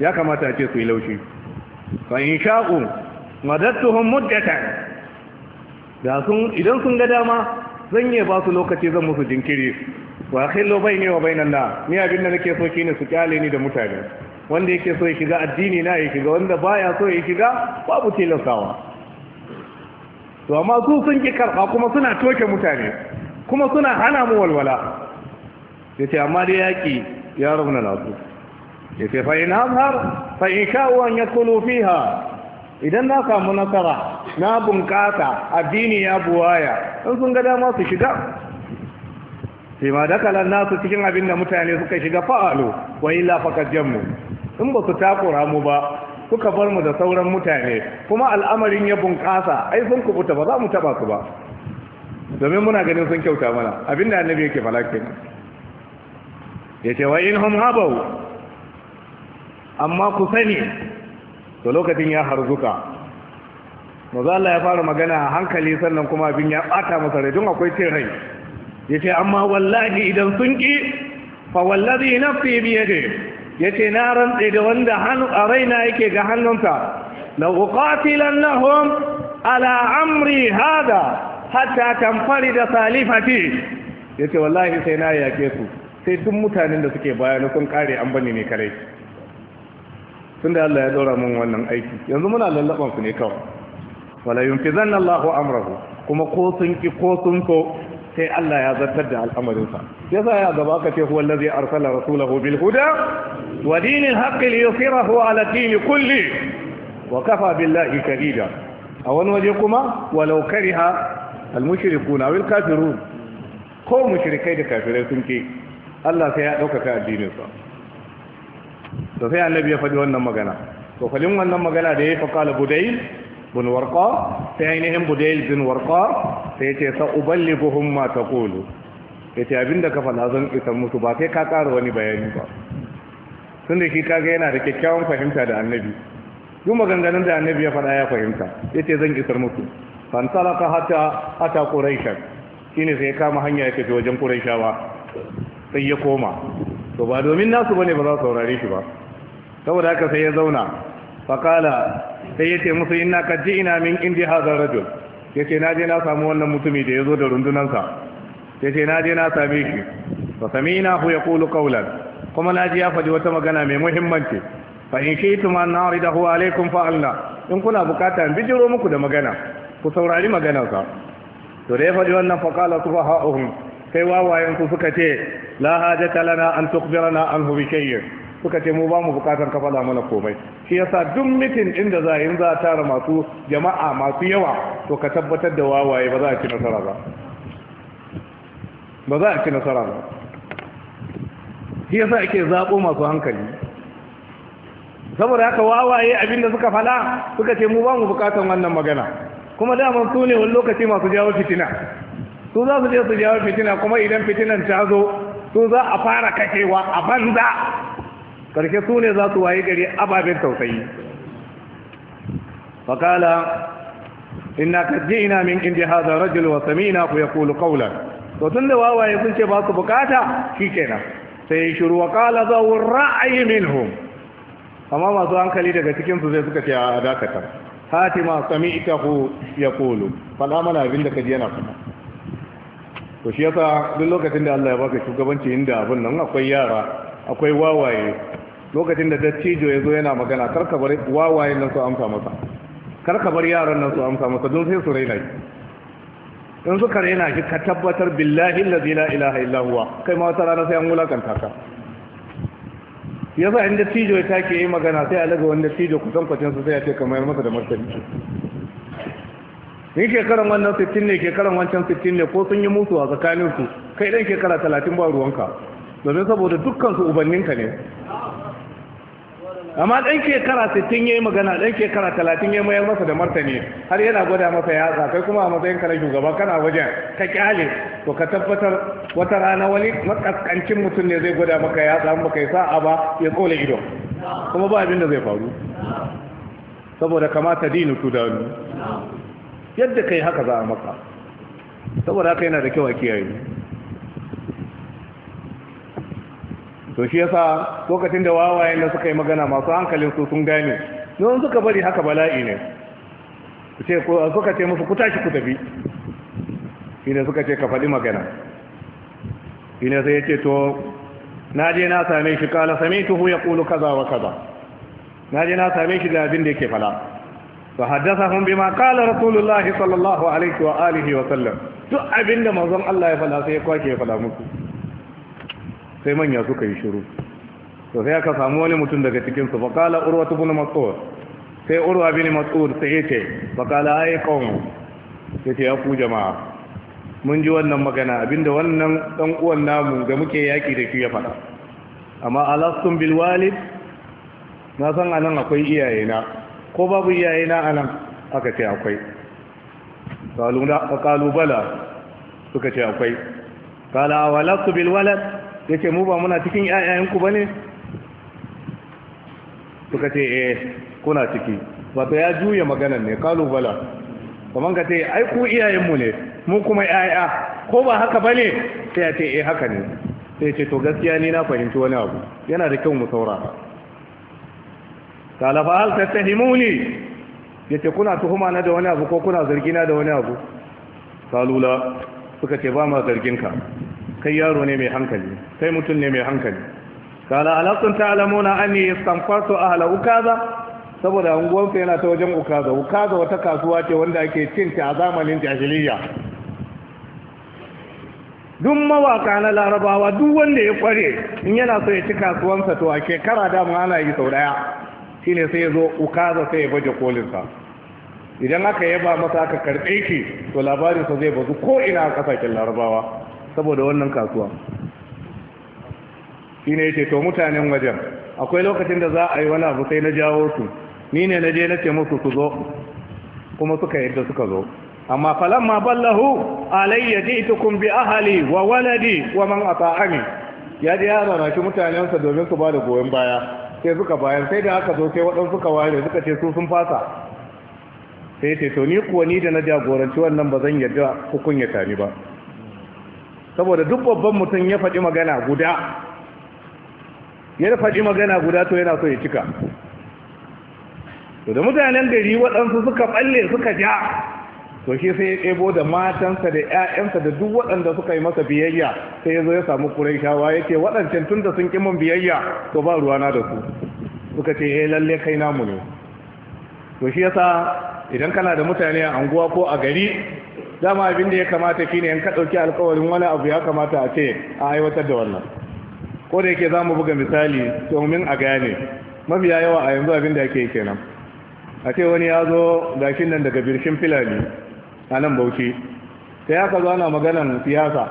ya kamata ce su yi laushi fa in sha'u madattuhum muddatan da sun idan sun ga dama zan yi ba su lokaci zan musu jinkiri wa khillu bayni wa bayna na ni abin da nake so kine su kyale ni da mutane wanda yake so ya shiga addini na ya shiga wanda baya so ya shiga babu tilasawa to amma su sun ki karba kuma suna toke mutane kuma suna hana mu walwala yace amma da yaki ya rauna nasu yace fa ina azhar fa in an yadkhulu fiha idan na samu nasara na bunƙasa addini ya buwaya in sun ga dama su shiga sai ma dakala nasu cikin abin da mutane suka shiga fa'alu wa illa faqad jammu in ba su takura mu ba kuka bar mu da sauran mutane kuma al'amarin ya bunƙasa ai sun kubuta ba za mu taba su ba domin muna ganin sun kyauta mana abinda annabi yake falakin yace wa in hum habu amma ku sani to lokacin ya harzuka maza Allah ya fara magana a hankali sannan kuma abin ya bata masa rai don akwai ce rai ya ce amma wallahi idan sun ƙi fa wallazi nafsi bi yadi ya ce na rantse da wanda hannu a raina yake ga hannunsa la uqatilan lahum ala amri hada hatta tamfari da salifati ya ce wallahi sai na yake su sai duk mutanen da suke baya bayanu sun kare an bani ne kare tunda Allah ya dora mun wannan aiki yanzu muna lallaban ku ne kawai wala yunfizanna Allahu amrahu kuma ko sun ki ko sun so sai Allah ya zartar da al'amarin sa. sa ya gaba ka ce huwa allazi arsala rasulahu bil huda wa dinil haqqi li yusirahu ala kulli wa kafa billahi kadida a wani waje kuma walau kariha al mushrikuna wal kafirun ko mushrikai da kafirai sun ke Allah sai ya ɗaukaka addininsa to sai annabi ya faɗi wannan magana to falin wannan magana da ya fa qala Budail bin warqa sai ainihin Budail bin warqa sai ce sa uballighuhum ma taqulu yace abinda ka na zan isa musu ba sai ka ƙara wani bayani ba tun da ki kaga yana da kyakkyawan fahimta da annabi duk maganganun da annabi ya faɗa ya fahimta yace zan isar musu talaka hatta ata quraishan shine sai ya kama hanya ya tafi wajen quraishawa sai ya koma to ba domin nasu bane ba za su saurare shi ba saboda haka sai ya zauna faqala sai yace musu inna qad ji'na min indi hadha rajul yace na je na samu wannan mutumi da yazo da rundunan sa yace na je na same shi fa samina hu yaqulu qawlan kuma na ji ya faɗi wata magana mai muhimmanci fa in shaytum an naridahu alaykum fa Allah in kuna bukata in bijiro muku da magana ku saurari maganarsa to da ya faɗi wannan fa qala sai wawayen suka ce la haja talana an tukhbirana anhu bi shay'in suka ce mu ba mu bukatar ka faɗa mana komai shi yasa duk mitin din da za yin za tara masu jama'a masu yawa to ka tabbatar da wawaye ba za a ci nasara ba ba za a ci nasara ba shi yasa ake zabo masu hankali saboda haka wawaye abinda suka faɗa suka ce mu ba mu bukatar wannan magana kuma da su ne wani lokaci masu jawo fitina su za su je su jawo fitina kuma idan fitinan ta zo su za a fara kashewa a banza karshe su ne za su wayi gari ababen tausayi fakala inna ina min indi hadha rajul wa samina ku kulu qawlan to da wawaye sun ce ba su bukata kenan. sai shiru wa qala za ra'ayi minhum amma masu hankali daga cikin su sai suka ce a dakata ku ya kulu. fala mana abin da kaji yana faɗa to shi yasa duk lokacin da Allah ya baka shugabanci inda abin nan akwai yara akwai wawaye lokacin da dattijo ya zo yana magana karka bar wawaye nan su amsa masa karka bar yaran nan su amsa masa don sai su raina shi in suka raina shi ka tabbatar billahi allazi la ilaha illa huwa kai ma wata rana sai an wulakanta ka yasa inda dattijo ya take yi magana sai a laga wani dattijo kusan kwacin su sai ya ce kamar masa da martani in shekaran wannan sittin ne shekaran wancan sittin ne ko sun yi mutu a tsakaninsu kai ɗan shekara talatin ba ruwanka domin saboda dukkansu ubanninka ne amma ɗan shekara sittin ya yi magana ɗan shekara talatin ya mayar masa da martani har yana gwada masa yatsa kai kuma a matsayin ka na shugaba kana wajen ka kyale to ka tabbatar wata rana wani makaskancin mutum ne zai gwada maka yatsa an baka yi sa'a ba ya tsole ido kuma ba abin da zai faru saboda kamata dinu tudanu yadda ka yi haka za a maka saboda haka yana da kyau a kiyaye to shi yasa lokacin da wawayen da suka yi magana masu hankalin su sun gane yawan suka bari haka bala'i ne suka ce musu ku tashi ku tafi shi ne suka ce ka faɗi magana shi ne sai ya ce to na je na same shi kala same tuhu ya ƙulu kaza wa kaza na je na same shi da abin da yake fala فحدثهم بما قال رسول الله صلى الله عليه وآله وسلم duk abinda manzon Allah ya fada sai ya kwake ya fada muku sai manya suka yi shiru to sai aka samu wani mutum daga cikin su faqala urwa ibn mas'ud sai urwa ibn mas'ud sai yace faqala ay qawm yace ya ku jama'a mun ji wannan magana abinda wannan dan uwan namu da muke yaki da shi ya faɗa. amma alastum bil walid na san anan akwai iyayena ko babu iyaye na anan aka ce akwai kalubala suka ce akwai kala walastu bil walad ce mu ba muna cikin iyayenku bane suka ce eh kuna ciki wato ya juya maganan ne kalubala Kamar ka ce ai ku iyayenmu ne mu kuma yaya ko ba haka bane sai ya ce eh haka ne sai ce to gaskiya ni na fahimci wani abu yana da kyau mu saurara ta ta himuni ya ce kuna tuhuma na da wani abu ko kuna zargina da wani abu Salula suka ce ba ma zargin ka kai yaro ne mai hankali kai mutum ne mai hankali kala ta an ta'lamuna anni a ahla ukaza saboda unguwar yana ta wajen ukaza ukaza wata kasuwa ce wanda ake cin ta a zamanin jahiliyya duk mawaka na larabawa duk wanda ya kware in yana so ya ci kasuwansa to a shekara da ana yi sau daya shine sai ya zo ukaza sai ya baje kolinsa idan aka yaba masa aka karɓe ki to labarinsa zai bazu ko ina a ƙasashen larabawa saboda wannan kasuwa shine yace to mutanen wajen akwai lokacin da za a yi wani abu sai na jawo su ni ne na je na ce musu su zo kuma suka yadda suka zo amma ma ballahu alayya ji'tukum bi ahli wa waladi wa man ata'ani ya ji ya raraki mutanensa domin su ba da goyon baya sai suka bayar sai da aka zo sai waɗansu suka ware suka ce su sun fasa sai ce to ni kuwa ni da na jagoranci wannan ba zan yarda hukunyata ni ba saboda duk babban mutum ya faɗi magana guda ya faɗi magana guda to yana so ya cika to da mutanen gari waɗansu suka balle suka ja to shi sai ya ɗebo da matansa da ‘ya'yansa da duk waɗanda suka yi masa biyayya sai ya zo ya samu shawa ya ce waɗancan tun da sun ƙi min biyayya to ba ruwana da su suka ce eh lalle kai namu ne to shi yasa idan kana da mutane a anguwa ko a gari dama abin da ya kamata shine in ka ɗauki alkawarin wani abu ya kamata a ce a aiwatar da wannan ko da yake za mu buga misali domin a gane mafiya yawa a yanzu abin da ake kenan a ce wani ya zo gashin nan daga birshin filani a nan bauchi sai aka zo ana maganan siyasa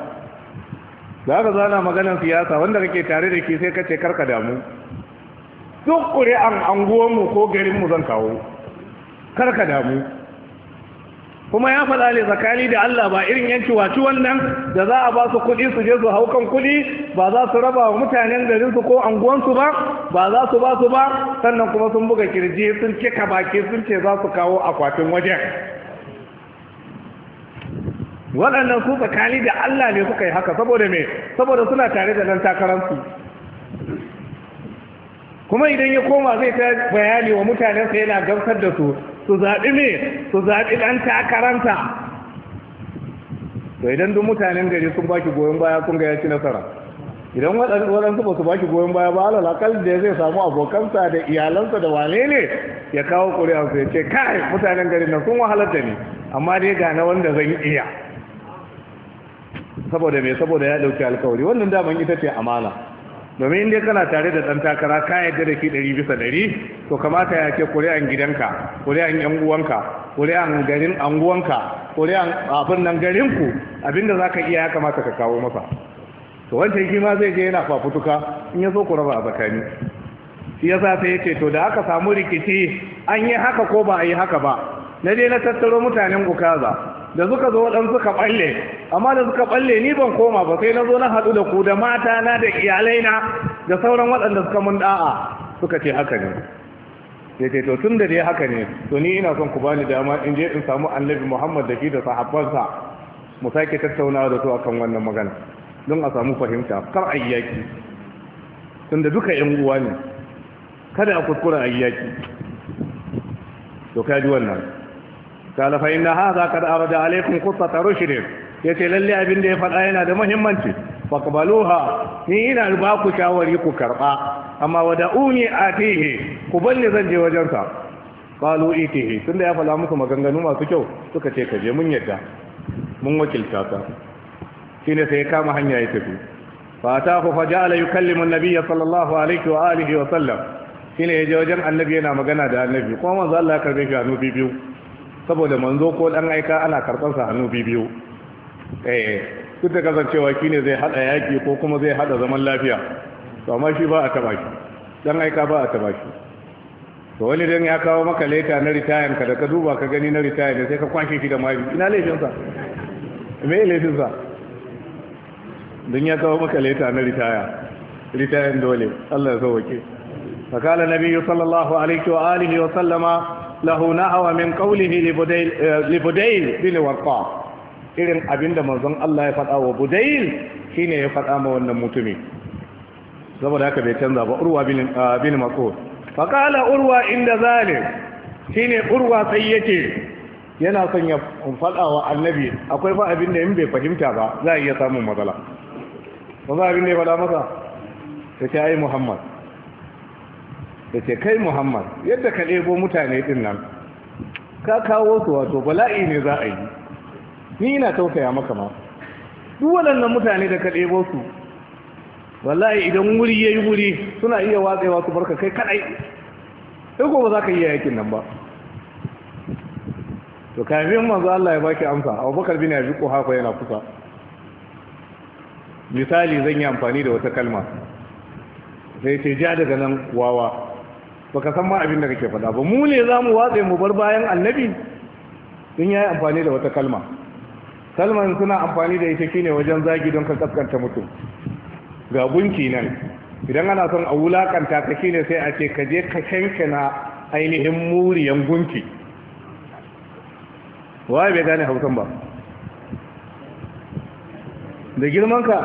za ka zo ana maganan siyasa wanda kake tare da ke sai ka ce karka damu duk ƙuri'an anguwanmu ko garinmu zan kawo karka damu kuma ya faɗa ne tsakani da Allah ba irin yanci waci wannan da za a ba su kuɗi su je su hau kan kuɗi ba za su raba wa mutanen garinsu ko anguwansu ba ba za su ba su ba sannan kuma sun buga kirji sun kika baki sun ce za su kawo akwatin wajen waɗannan su tsakani da Allah ne suka yi haka saboda me saboda suna tare da nan takararsu kuma idan ya koma zai ta bayani wa mutanensa yana gamsar da su su zaɓi me su zaɓi ɗan takaranta to idan duk mutanen gari sun baki goyon baya kun ga ya nasara idan waɗansu ba su baki goyon baya ba alal akal da zai samu abokansa da iyalansa da wane ne ya kawo ƙuri'arsa ya ce kai mutanen gari na sun wahalar da ni amma dai ga na wanda zan iya saboda mai saboda ya dauki alkawari wannan daman ita ce amana domin inda kana tare da dan takara ka yadda da ki ɗari bisa ɗari to kamata ya ce kuri'an gidanka kuri'an yan uwanka kuri'an garin anguwanka kuri'an abin nan ku abinda zaka iya ya kamata ka kawo masa to wancan shi ma zai je yana fafutuka in ya zo ku raba a tsakani shi yasa sai ya ce to da aka samu rikici an yi haka ko ba a yi haka ba na je na tattaro mutanen Ukaza. da suka zo waɗansu suka ɓalle amma da suka ɓalle ni ban koma ba sai na zo na haɗu da ku da mata na da iyalai na da sauran waɗanda suka mun da'a suka ce haka ne ya ce to tun da dai haka ne to ni ina son ku bani dama in je in samu annabi muhammad da shi da sahabbansa mu sake tattaunawa da su akan wannan magana don a samu fahimta kar ayyaki tun da duka yan uwa ne kada a kuskura ayyaki to kaji wannan قال فإن هذا قد أرد عليكم قصة رشد يتللي أبن دي فالآينا هذا مهمة فاقبلوها نين الباكو شاوريكو كرقا أما ودعوني آتيه قبل زنجي وجنسا قالوا إيتيه سند يا فلامكم أغنغنو ما سكو سكتيك جي من يدى من وكل شاكا شين سيكام هنيا يتفو فأتاه فجعل يكلم النبي صلى الله عليه وآله وسلم شين يجي وجن النبي نام غنى دا النبي قوما ظل الله كربيك أنو بيبيو بي saboda manzo ko dan aika ana karɓar sa hannu biyu eh duk da kasancewa kine zai hada yaki ko kuma zai hada zaman lafiya to amma shi ba a taba shi dan aika ba a taba shi to wani dan ya kawo maka leta na ritayan ka da ka duba ka gani na ritayan ne sai ka kwashe shi da mai ina laifin sa me laifin sa dan ya kawo maka leta na ritaya ritayan dole Allah ya sauke kala nabiyyu sallallahu alaihi wa alihi wa sallama lahu nahawa min qawlihi eh, li budayl bin warqa irin abinda manzon Allah ya faɗa wa budayl shine ya faɗa ma wannan mutumi saboda haka bai canza ba urwa bin eh, bin mas'ud fa qala urwa inda zalim shine urwa sai yake yana son ya faɗa wa annabi akwai fa abinda in bai fahimta ba za a iya samun matsala ba abin da ya faɗa masa sai ai muhammad da ce kai muhammad yadda ka ɗebo mutane ɗin nan ka kawo su wato bala'i ne za a yi ni na tausaya maka ma duk waɗannan mutane da ka ɗebo su wallahi idan wuri ya yi wuri suna iya watsewa su barka kai kaɗai sai ko ba za ka yi yakin nan ba to kafin manzo Allah ya baki amsa Abubakar bin Abi Quhafa yana kusa misali zan yi amfani da wata kalma sai ce ja daga nan wawa baka san ma abin da kake faɗa ba mu ne za mu watse mu bar bayan annabi sun yi amfani da wata kalma kalman suna amfani da ita shine wajen zagi don ka kaskanta mutum ga gunki nan idan ana son a wulakanta ka shine sai a ce ka je ka ainihin muriyan gunki waye bai gane hausan ba da girman ka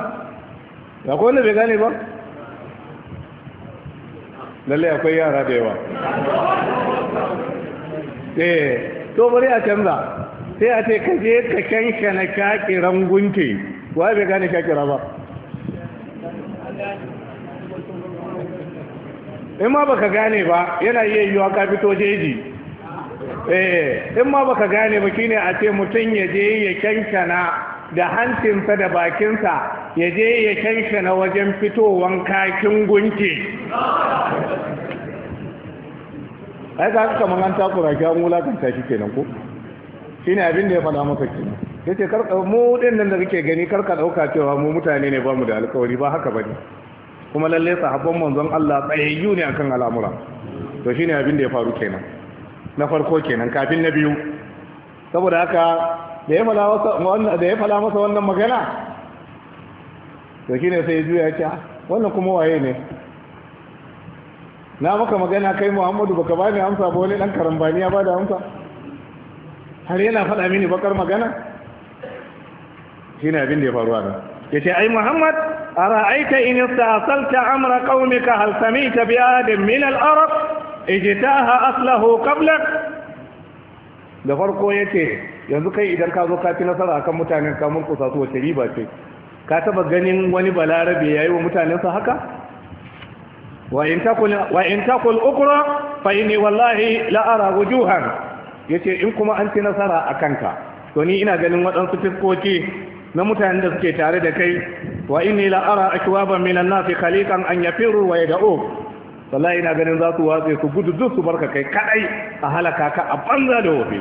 akwai wanda bai gane ba lallai akwai yara da yawa eh to bari a canza sai a ce ka je ka kanka na kakiran gunke wa bai gane kakira ba in ma baka gane ba yana iya yiwuwa ka fito jeji eh in ma baka gane ba shine a ce mutum ya je ya kyanka na da hancinsa da bakinsa ya je ya shansha na wajen fitowar kakin gunki ai ka haka man an takura ki an wulakanta shi kenan ko shi ne abin da ya faɗa masa kenan ya ce mu ɗin nan da suke gani karka ɗauka cewa mu mutane ne ba mu da alkawari ba haka ba ne kuma lallai sahabban manzon Allah tsayayyu ne akan al'amura to shi ne abin da ya faru kenan na farko kenan kafin na biyu saboda haka da ya fala masa wannan magana da shi ne sai juya ce ah, wannan kuma waye ne na maka magana kai muhammadu baka ba ni amsa ba wani dan karambani ya ba da amsa har yana faɗa mini bakar magana shi ne abin da ya faru a ya ce ai muhammad a ra'aita in istasalta amra qaumika hal samita bi adam min al arab ijtaha aslahu qablak da farko yace yanzu kai idan ka zo ka fi nasara akan mutanen ka murkusa su wace riba ce ka taba ganin wani balarabe yayi wa mutanen sa haka wa in takul wa in ukra fa inni wallahi la ara wujuhan yace in kuma an ci nasara akan ka to ni ina ganin waɗansu fiskoki na mutanen da suke tare da kai wa inni la ara akwaban minan nasi khaliqan an yafiru wa yad'u wallahi ina ganin za su watse su gudu duk su barka kai kadai a halaka ka a banza da wofe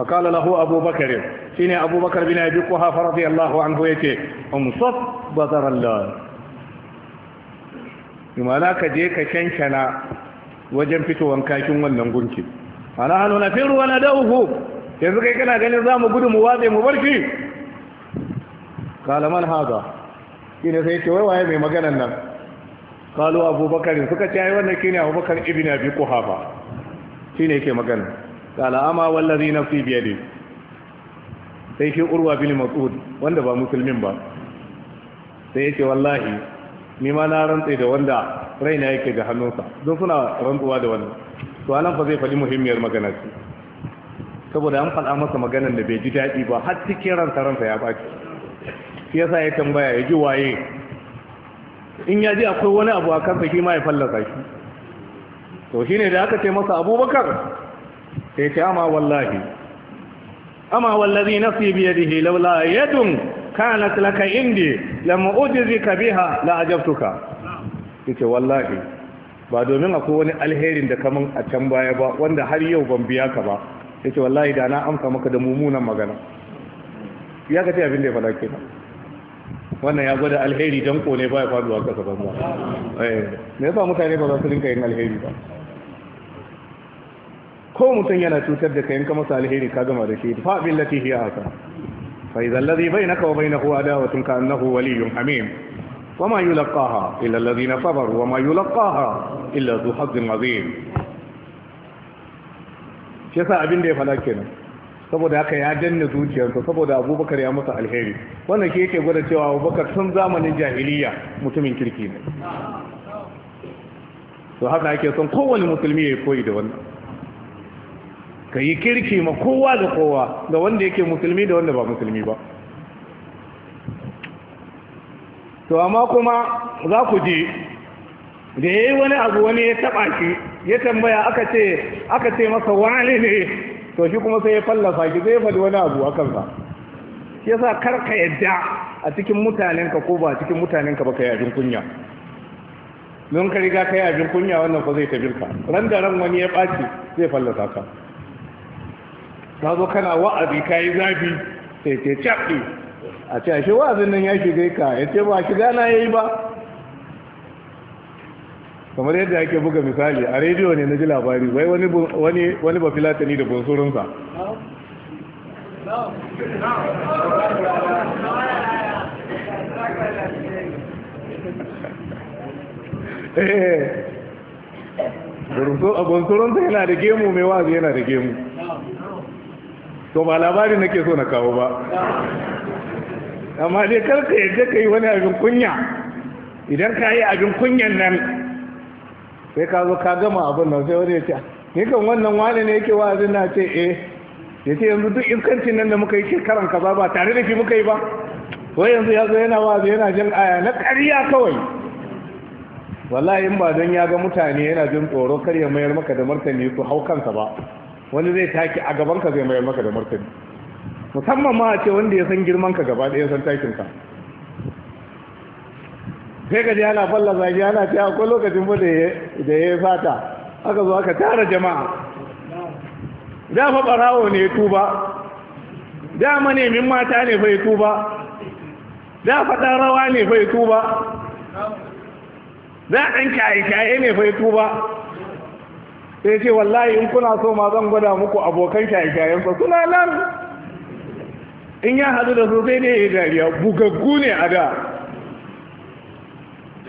فقال له أبو بكر شيني أبو بكر بن أبي قحافة رضي الله عنه يكي أمصف بطر الله يمانا كجيك شنشنا وجن فتو وانكاشن والنغنشي أنا هل نفر وندوه يزكي كنا غني زام قد مواضي مبركي قال من هذا شيني سيكي ويوهي من مغننا قالوا أبو بكر سكتي أيوانا كيني أبو بكر ابن أبي قحافة شيني كي مغننا kala ama wallazi nafsi ne. sai shi urwa bin mas'ud wanda ba musulmin ba sai yake wallahi ni ma na rantse da wanda raina yake da hannunsa don suna rantsuwa da wannan to anan fa zai faɗi muhimmiyar magana ce saboda an faɗa masa maganar da bai ji daɗi ba har cikin ransa ransa ya baki shi yasa ya tambaya ya ji waye in ya ji akwai wani abu a kansa shi ma ya fallasa shi to shine da aka ce masa abubakar sai ce ama wallahi ama wallazi nafsi bi yadihi laula yadun kanat laka indi lam ujzika biha la ajabtuka yace wallahi ba domin akwai wani alherin da kaman a can baya ba wanda har yau ban biya ka ba yace wallahi da na amsa maka da mumunan magana ya ga ce abin da ya faɗa kenan wannan ya gwada alheri dan kone baya faduwa kasa ban ba eh me yasa mutane ba za su rinka yin alheri ba ko mutum yana cutar da kayan kama alheri ka gama da shi fa abin lati hiya haka fa idza alladhi na wa bainahu adawatun ka annahu yun amin. wa ma yulqaha illa alladhina sabar wa ma yulqaha illa dhu hazzin azim shi yasa abin da ya fada kenan saboda haka ya danna zuciyarsa saboda abubakar ya masa alheri wannan shi yake gwada cewa abubakar tun zamanin jahiliya mutumin kirki ne to haka ake son kowane musulmi ya koyi da wannan ka yi kirki ma kowa da kowa da wanda yake musulmi da wanda ba musulmi ba to amma kuma za ku je da ya yi wani abu wani ya taɓa shi ya tambaya aka ce aka ce masa wani ne to shi kuma sai ya fallafa shi zai faɗi wani abu a kansa shi yasa kar ka yadda a cikin mutanenka ko ba a cikin mutanenka ba ka yi abin kunya don ka riga ka yi abin kunya wannan ko zai tabirka ran da ran wani ya ɓaci zai fallasa ka ka zo kana wa'azi ka yi zafi sai ce caɓi a ce ashe wa'azin nan ya shiga ka ya ce ba shiga na ya yi ba kamar yadda ake buga misali a rediyo ne na ji labari wai wani ba filatani da bunsurinsa eh, bunsurinsa yana da gemu mai wa'azi yana da gemu to ba labari nake so na kawo ba amma dai karka yadda ka yi wani abin kunya idan ka yi abin kunyan nan sai ka zo ka gama abin nan sai wani ya ce ni kan wannan wani ne yake wa'azin na ce eh ya ce yanzu duk iskancin nan da muka yi shekaran ka ba tare da shi muka yi ba wai yanzu ya zo yana wa'azi yana jin aya na ƙarya kawai wallahi in ba don ya ga mutane yana jin tsoro kar ya mayar maka da martani su hau kansa ba wani zai taki a gaban ka zai mayar maka da martani musamman ma a ce wanda ya san girman ka gaba ɗaya san takin ka sai ka ji ana falla zagi ana ce akwai lokacin mu da ya fata aka zo aka tara jama'a da fa barawo ne tuba da manemin mata ne fa tuba da fa dan rawa ne fa tuba da ɗan kaye-kaye ne fa tuba sai ce wallahi in kuna so ma zan gwada muku abokan sa suna nan in ya hadu da su sai ne ya dariya bugaggu ne a da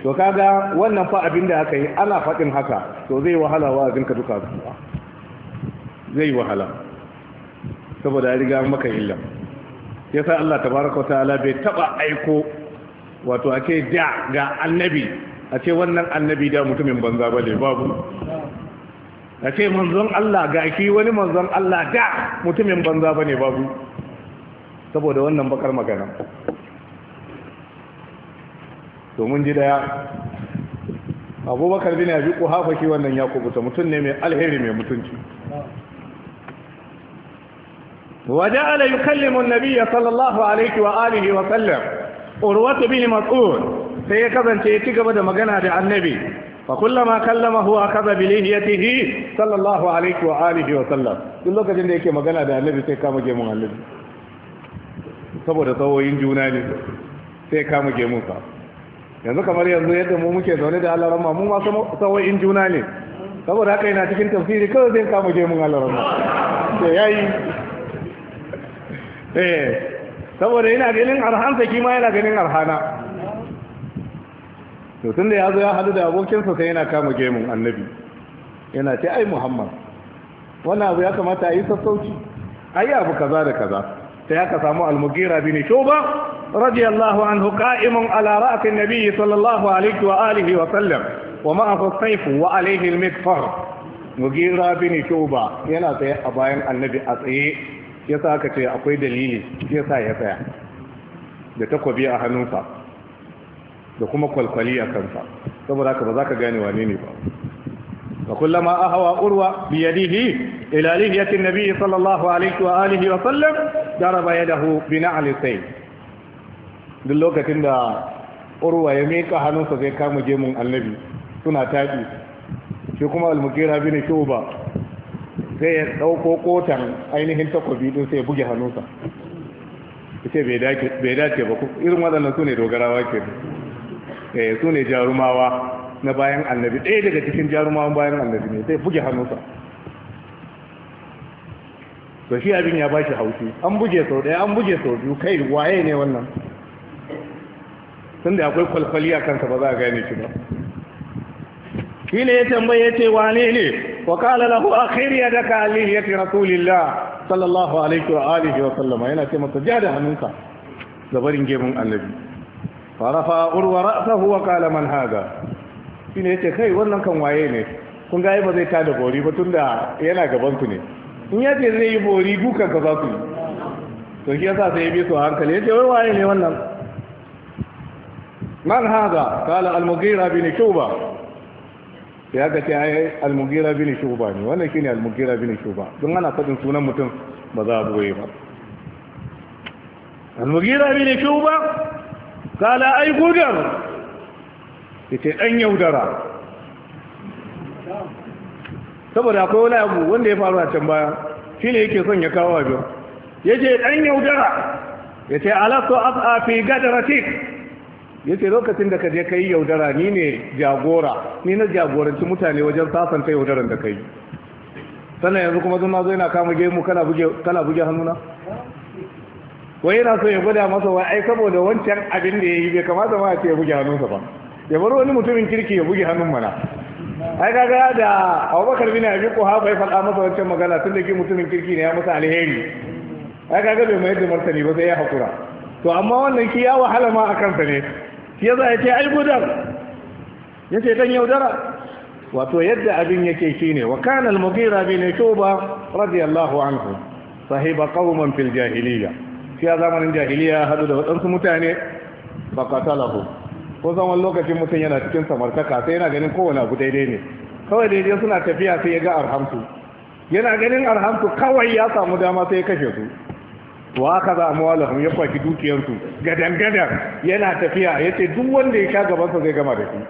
to kaga wannan fa abin da aka yi ana faɗin haka to zai wahala wa ka duka zuwa zai wahala saboda ya riga maka illa yasa Allah tabaraka wa ta'ala bai taba aiko wato ake da ga annabi a ce wannan annabi da mutumin banza bane babu a ce manzon Allah ga shi wani manzon Allah da mutumin banza bane babu saboda wannan bakar magana to mun ji daya abubakar bin abi kuhafa shi wannan ya kubuta mutum ne mai alheri mai mutunci وجعل ya sallallahu alaihi wa alihi wa sallam urwatu bihi مسعود sai ya kazance ya ci gaba da magana da annabi فكلما كلمه أخذ بلهيته صلى الله عليه wa وسلم duk lokacin da yake magana da annabi sai kama gemun annabi saboda tsawoyin juna ne sai kama gemunsa yanzu kamar yanzu yadda mu muke zaune da Allah alarama mu ma tsawoyin juna ne saboda haka yana cikin tafsiri kawai zai kama gemun alarama sai ya yi saboda yana ganin arhansa kima yana ganin arhana to tun da ya zo ya hadu da abokinsa sai yana kama gemun annabi yana ce ai muhammad wannan abu ya kamata a yi sassauci a yi abu kaza da kaza sai aka samu almugira bin shoba radiyallahu anhu qa'imun ala ra'sin nabiyyi sallallahu alaihi wa alihi wa sallam wa ma'ahu sayf wa alaihi al-mikfar mugira bin shoba yana tsaye a bayan annabi a tsaye yasa aka ce akwai dalili yasa ya tsaya da takobi a hannunsa da kuma kwalkwali a kansa saboda haka ba za ka gane wane ne ba wa kullama hawa urwa bi yadihi ya lihiyati nabi sallallahu alaihi wa alihi wa sallam ya dahu bi na'li sai duk lokacin da urwa ya mika hannunsa zai kama gemun annabi suna tafi shi kuma almukira bin shuba sai ya dauko kotan ainihin takobi din sai ya buge hannunsa ce bai dace ba irin waɗannan su ne dogarawa ke Eh, su ne jarumawa na bayan annabi ɗaya daga cikin jarumawan bayan annabi ne sai buge hannunsa to shi abin ya bashi haushi an buge sau ɗaya an buge sau biyu kai waye ne wannan tun da akwai kwalkwali a kansa ba za a gane shi ba shi ne ya tambaye ce wane ne wa kala lahu akhir ya daka ce rasulillah sallallahu alaihi wa alihi wa sallama yana ce masa ja da hannunka zabarin gemun annabi farafa urwa ra'sahu wa qala man haga ya ce kai wannan kan waye ne kun ga ba zai tada bori ba tunda yana gaban ku ne in ya ce zai yi bori dukan ka za ku yi to shi yasa sai ya bi su hankali yace wai waye ne wannan man haga qala al-mughira bin shuba ya ga ce ai al-mughira bin shuba ne wannan shine al-mughira bin shuba don ana fadin sunan mutum ba za a buye ba al-mughira bin shuba kala ai gudar ita ɗan yaudara saboda akwai wani abu wanda ya faru a can baya shi ne yake son ya kawo abin ya ce ɗan yaudara ya ce alasto a fi gadaratik ya ce lokacin da ka je ka yaudara ni ne jagora ni na jagoranci mutane wajen sasanta yaudaran da ka yi sannan yanzu kuma zuna zo yana kama gemu kana buge hannuna wai yana so ya gwada masa a ai saboda wancan abin da ya yi bai kamata ma a ce ya buge hannunsa ba ya bar wani mutumin kirki ya buge hannun mana ai kaga da abubakar bin abi kuha bai faɗa masa wancan magana tun da ke mutumin kirki ne ya masa alheri ai kaga bai mayar da martani ba sai ya hakura to amma wannan ki ya wahala ma a kansa ne shi yasa ya ce ai gudan ya ce dan yaudara wato yadda abin yake shine wa kana al-mughira bin shuba radiyallahu anhu sahiba qauman fil jahiliyya shi a zamanin jahiliya hadu da waɗansu mutane ba bakatalahu ko san lokacin mutum yana cikin samartaka sai yana ganin kowane abu daidai ne kawai daidai suna tafiya sai ya ga arhamsu yana ganin arhamsu kawai ya samu dama sai ya kashe su wa aka za mu mawala ya kwaki dukiyarsu gadan gadan yana tafiya ya ce duk wanda ya sha gabansa zai gama da shi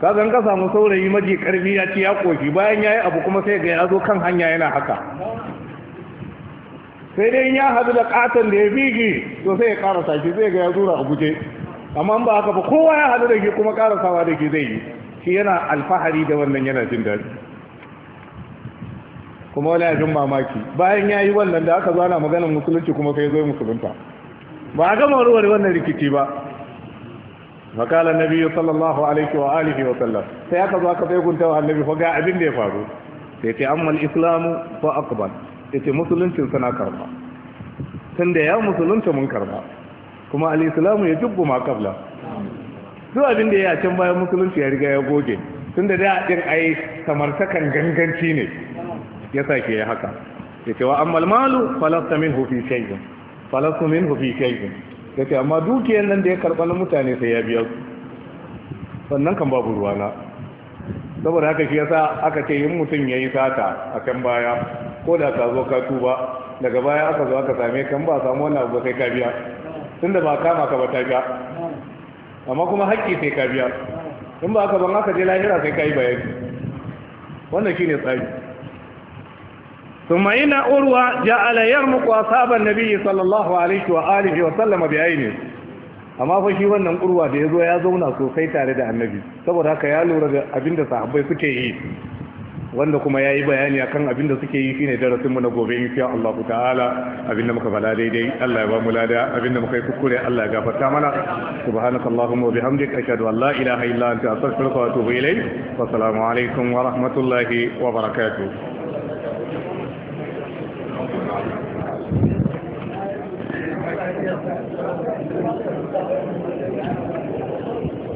ka ka samu saurayi maji karfi ya ci ya koshi bayan ya yi abu kuma sai ga ya zo kan hanya yana haka sai dai ya hadu da katon da ya bigi to sai ya karasa shi zai ga ya zura a guje amma ba haka ba kowa ya hadu da shi kuma karasawa da ke zai yi shi yana alfahari da wannan yana jin daɗi kuma wani ajin mamaki bayan ya yi wannan da aka zana maganar musulunci kuma sai zai musulunta ba a gama ruwar wannan rikici ba makalar nabi sallallahu alaihi wa alihi wa sallam sai aka zo aka sai gunta wa annabi fa faru sai islamu ya ce musuluncin suna karba tun da ya musulunta mun karba kuma al'islamu ya jubbu ma kabla zuwa abin da ya can bayan musulunci ya riga ya goge tun da da ɗin ai samartakan ganganci ne ya sake ya haka ya ce wa ammal malu falasta min hufi shayin falasta min hufi shayin ya ce amma dukiyan nan da ya karɓa na mutane sai ya biya su sannan kan babu ruwana saboda haka shi yasa aka ce yin mutum ya yi sata a can baya ko da ka zo ka tuba daga baya aka zo aka same kan ba samu wannan abu sai ka biya tunda ba kama ka ba ta biya amma kuma haƙƙi sai ka biya in ba aka ban aka je lahira sai ka yi bayani wannan shine tsari ثم إن أروى جعل nabiyyi Sallallahu alaihi wa alihi wa sallama bi بعينه amma fa shi wannan Urwa da ya zo ya zauna sosai tare da annabi saboda haka ya lura da abinda sahabbai suke yi wanda kuma ya yi bayani akan abin da suke yi shine darasinmu na gobe insha Allah ta'ala abin da muka fala daidai Allah ya ba mu lada abin da muka yi kuskure Allah ya gafarta mana subhanaka allahumma wa bihamdika ashhadu an la ilaha illa anta astaghfiruka wa atubu ilayk wa assalamu alaikum wa rahmatullahi wa barakatuh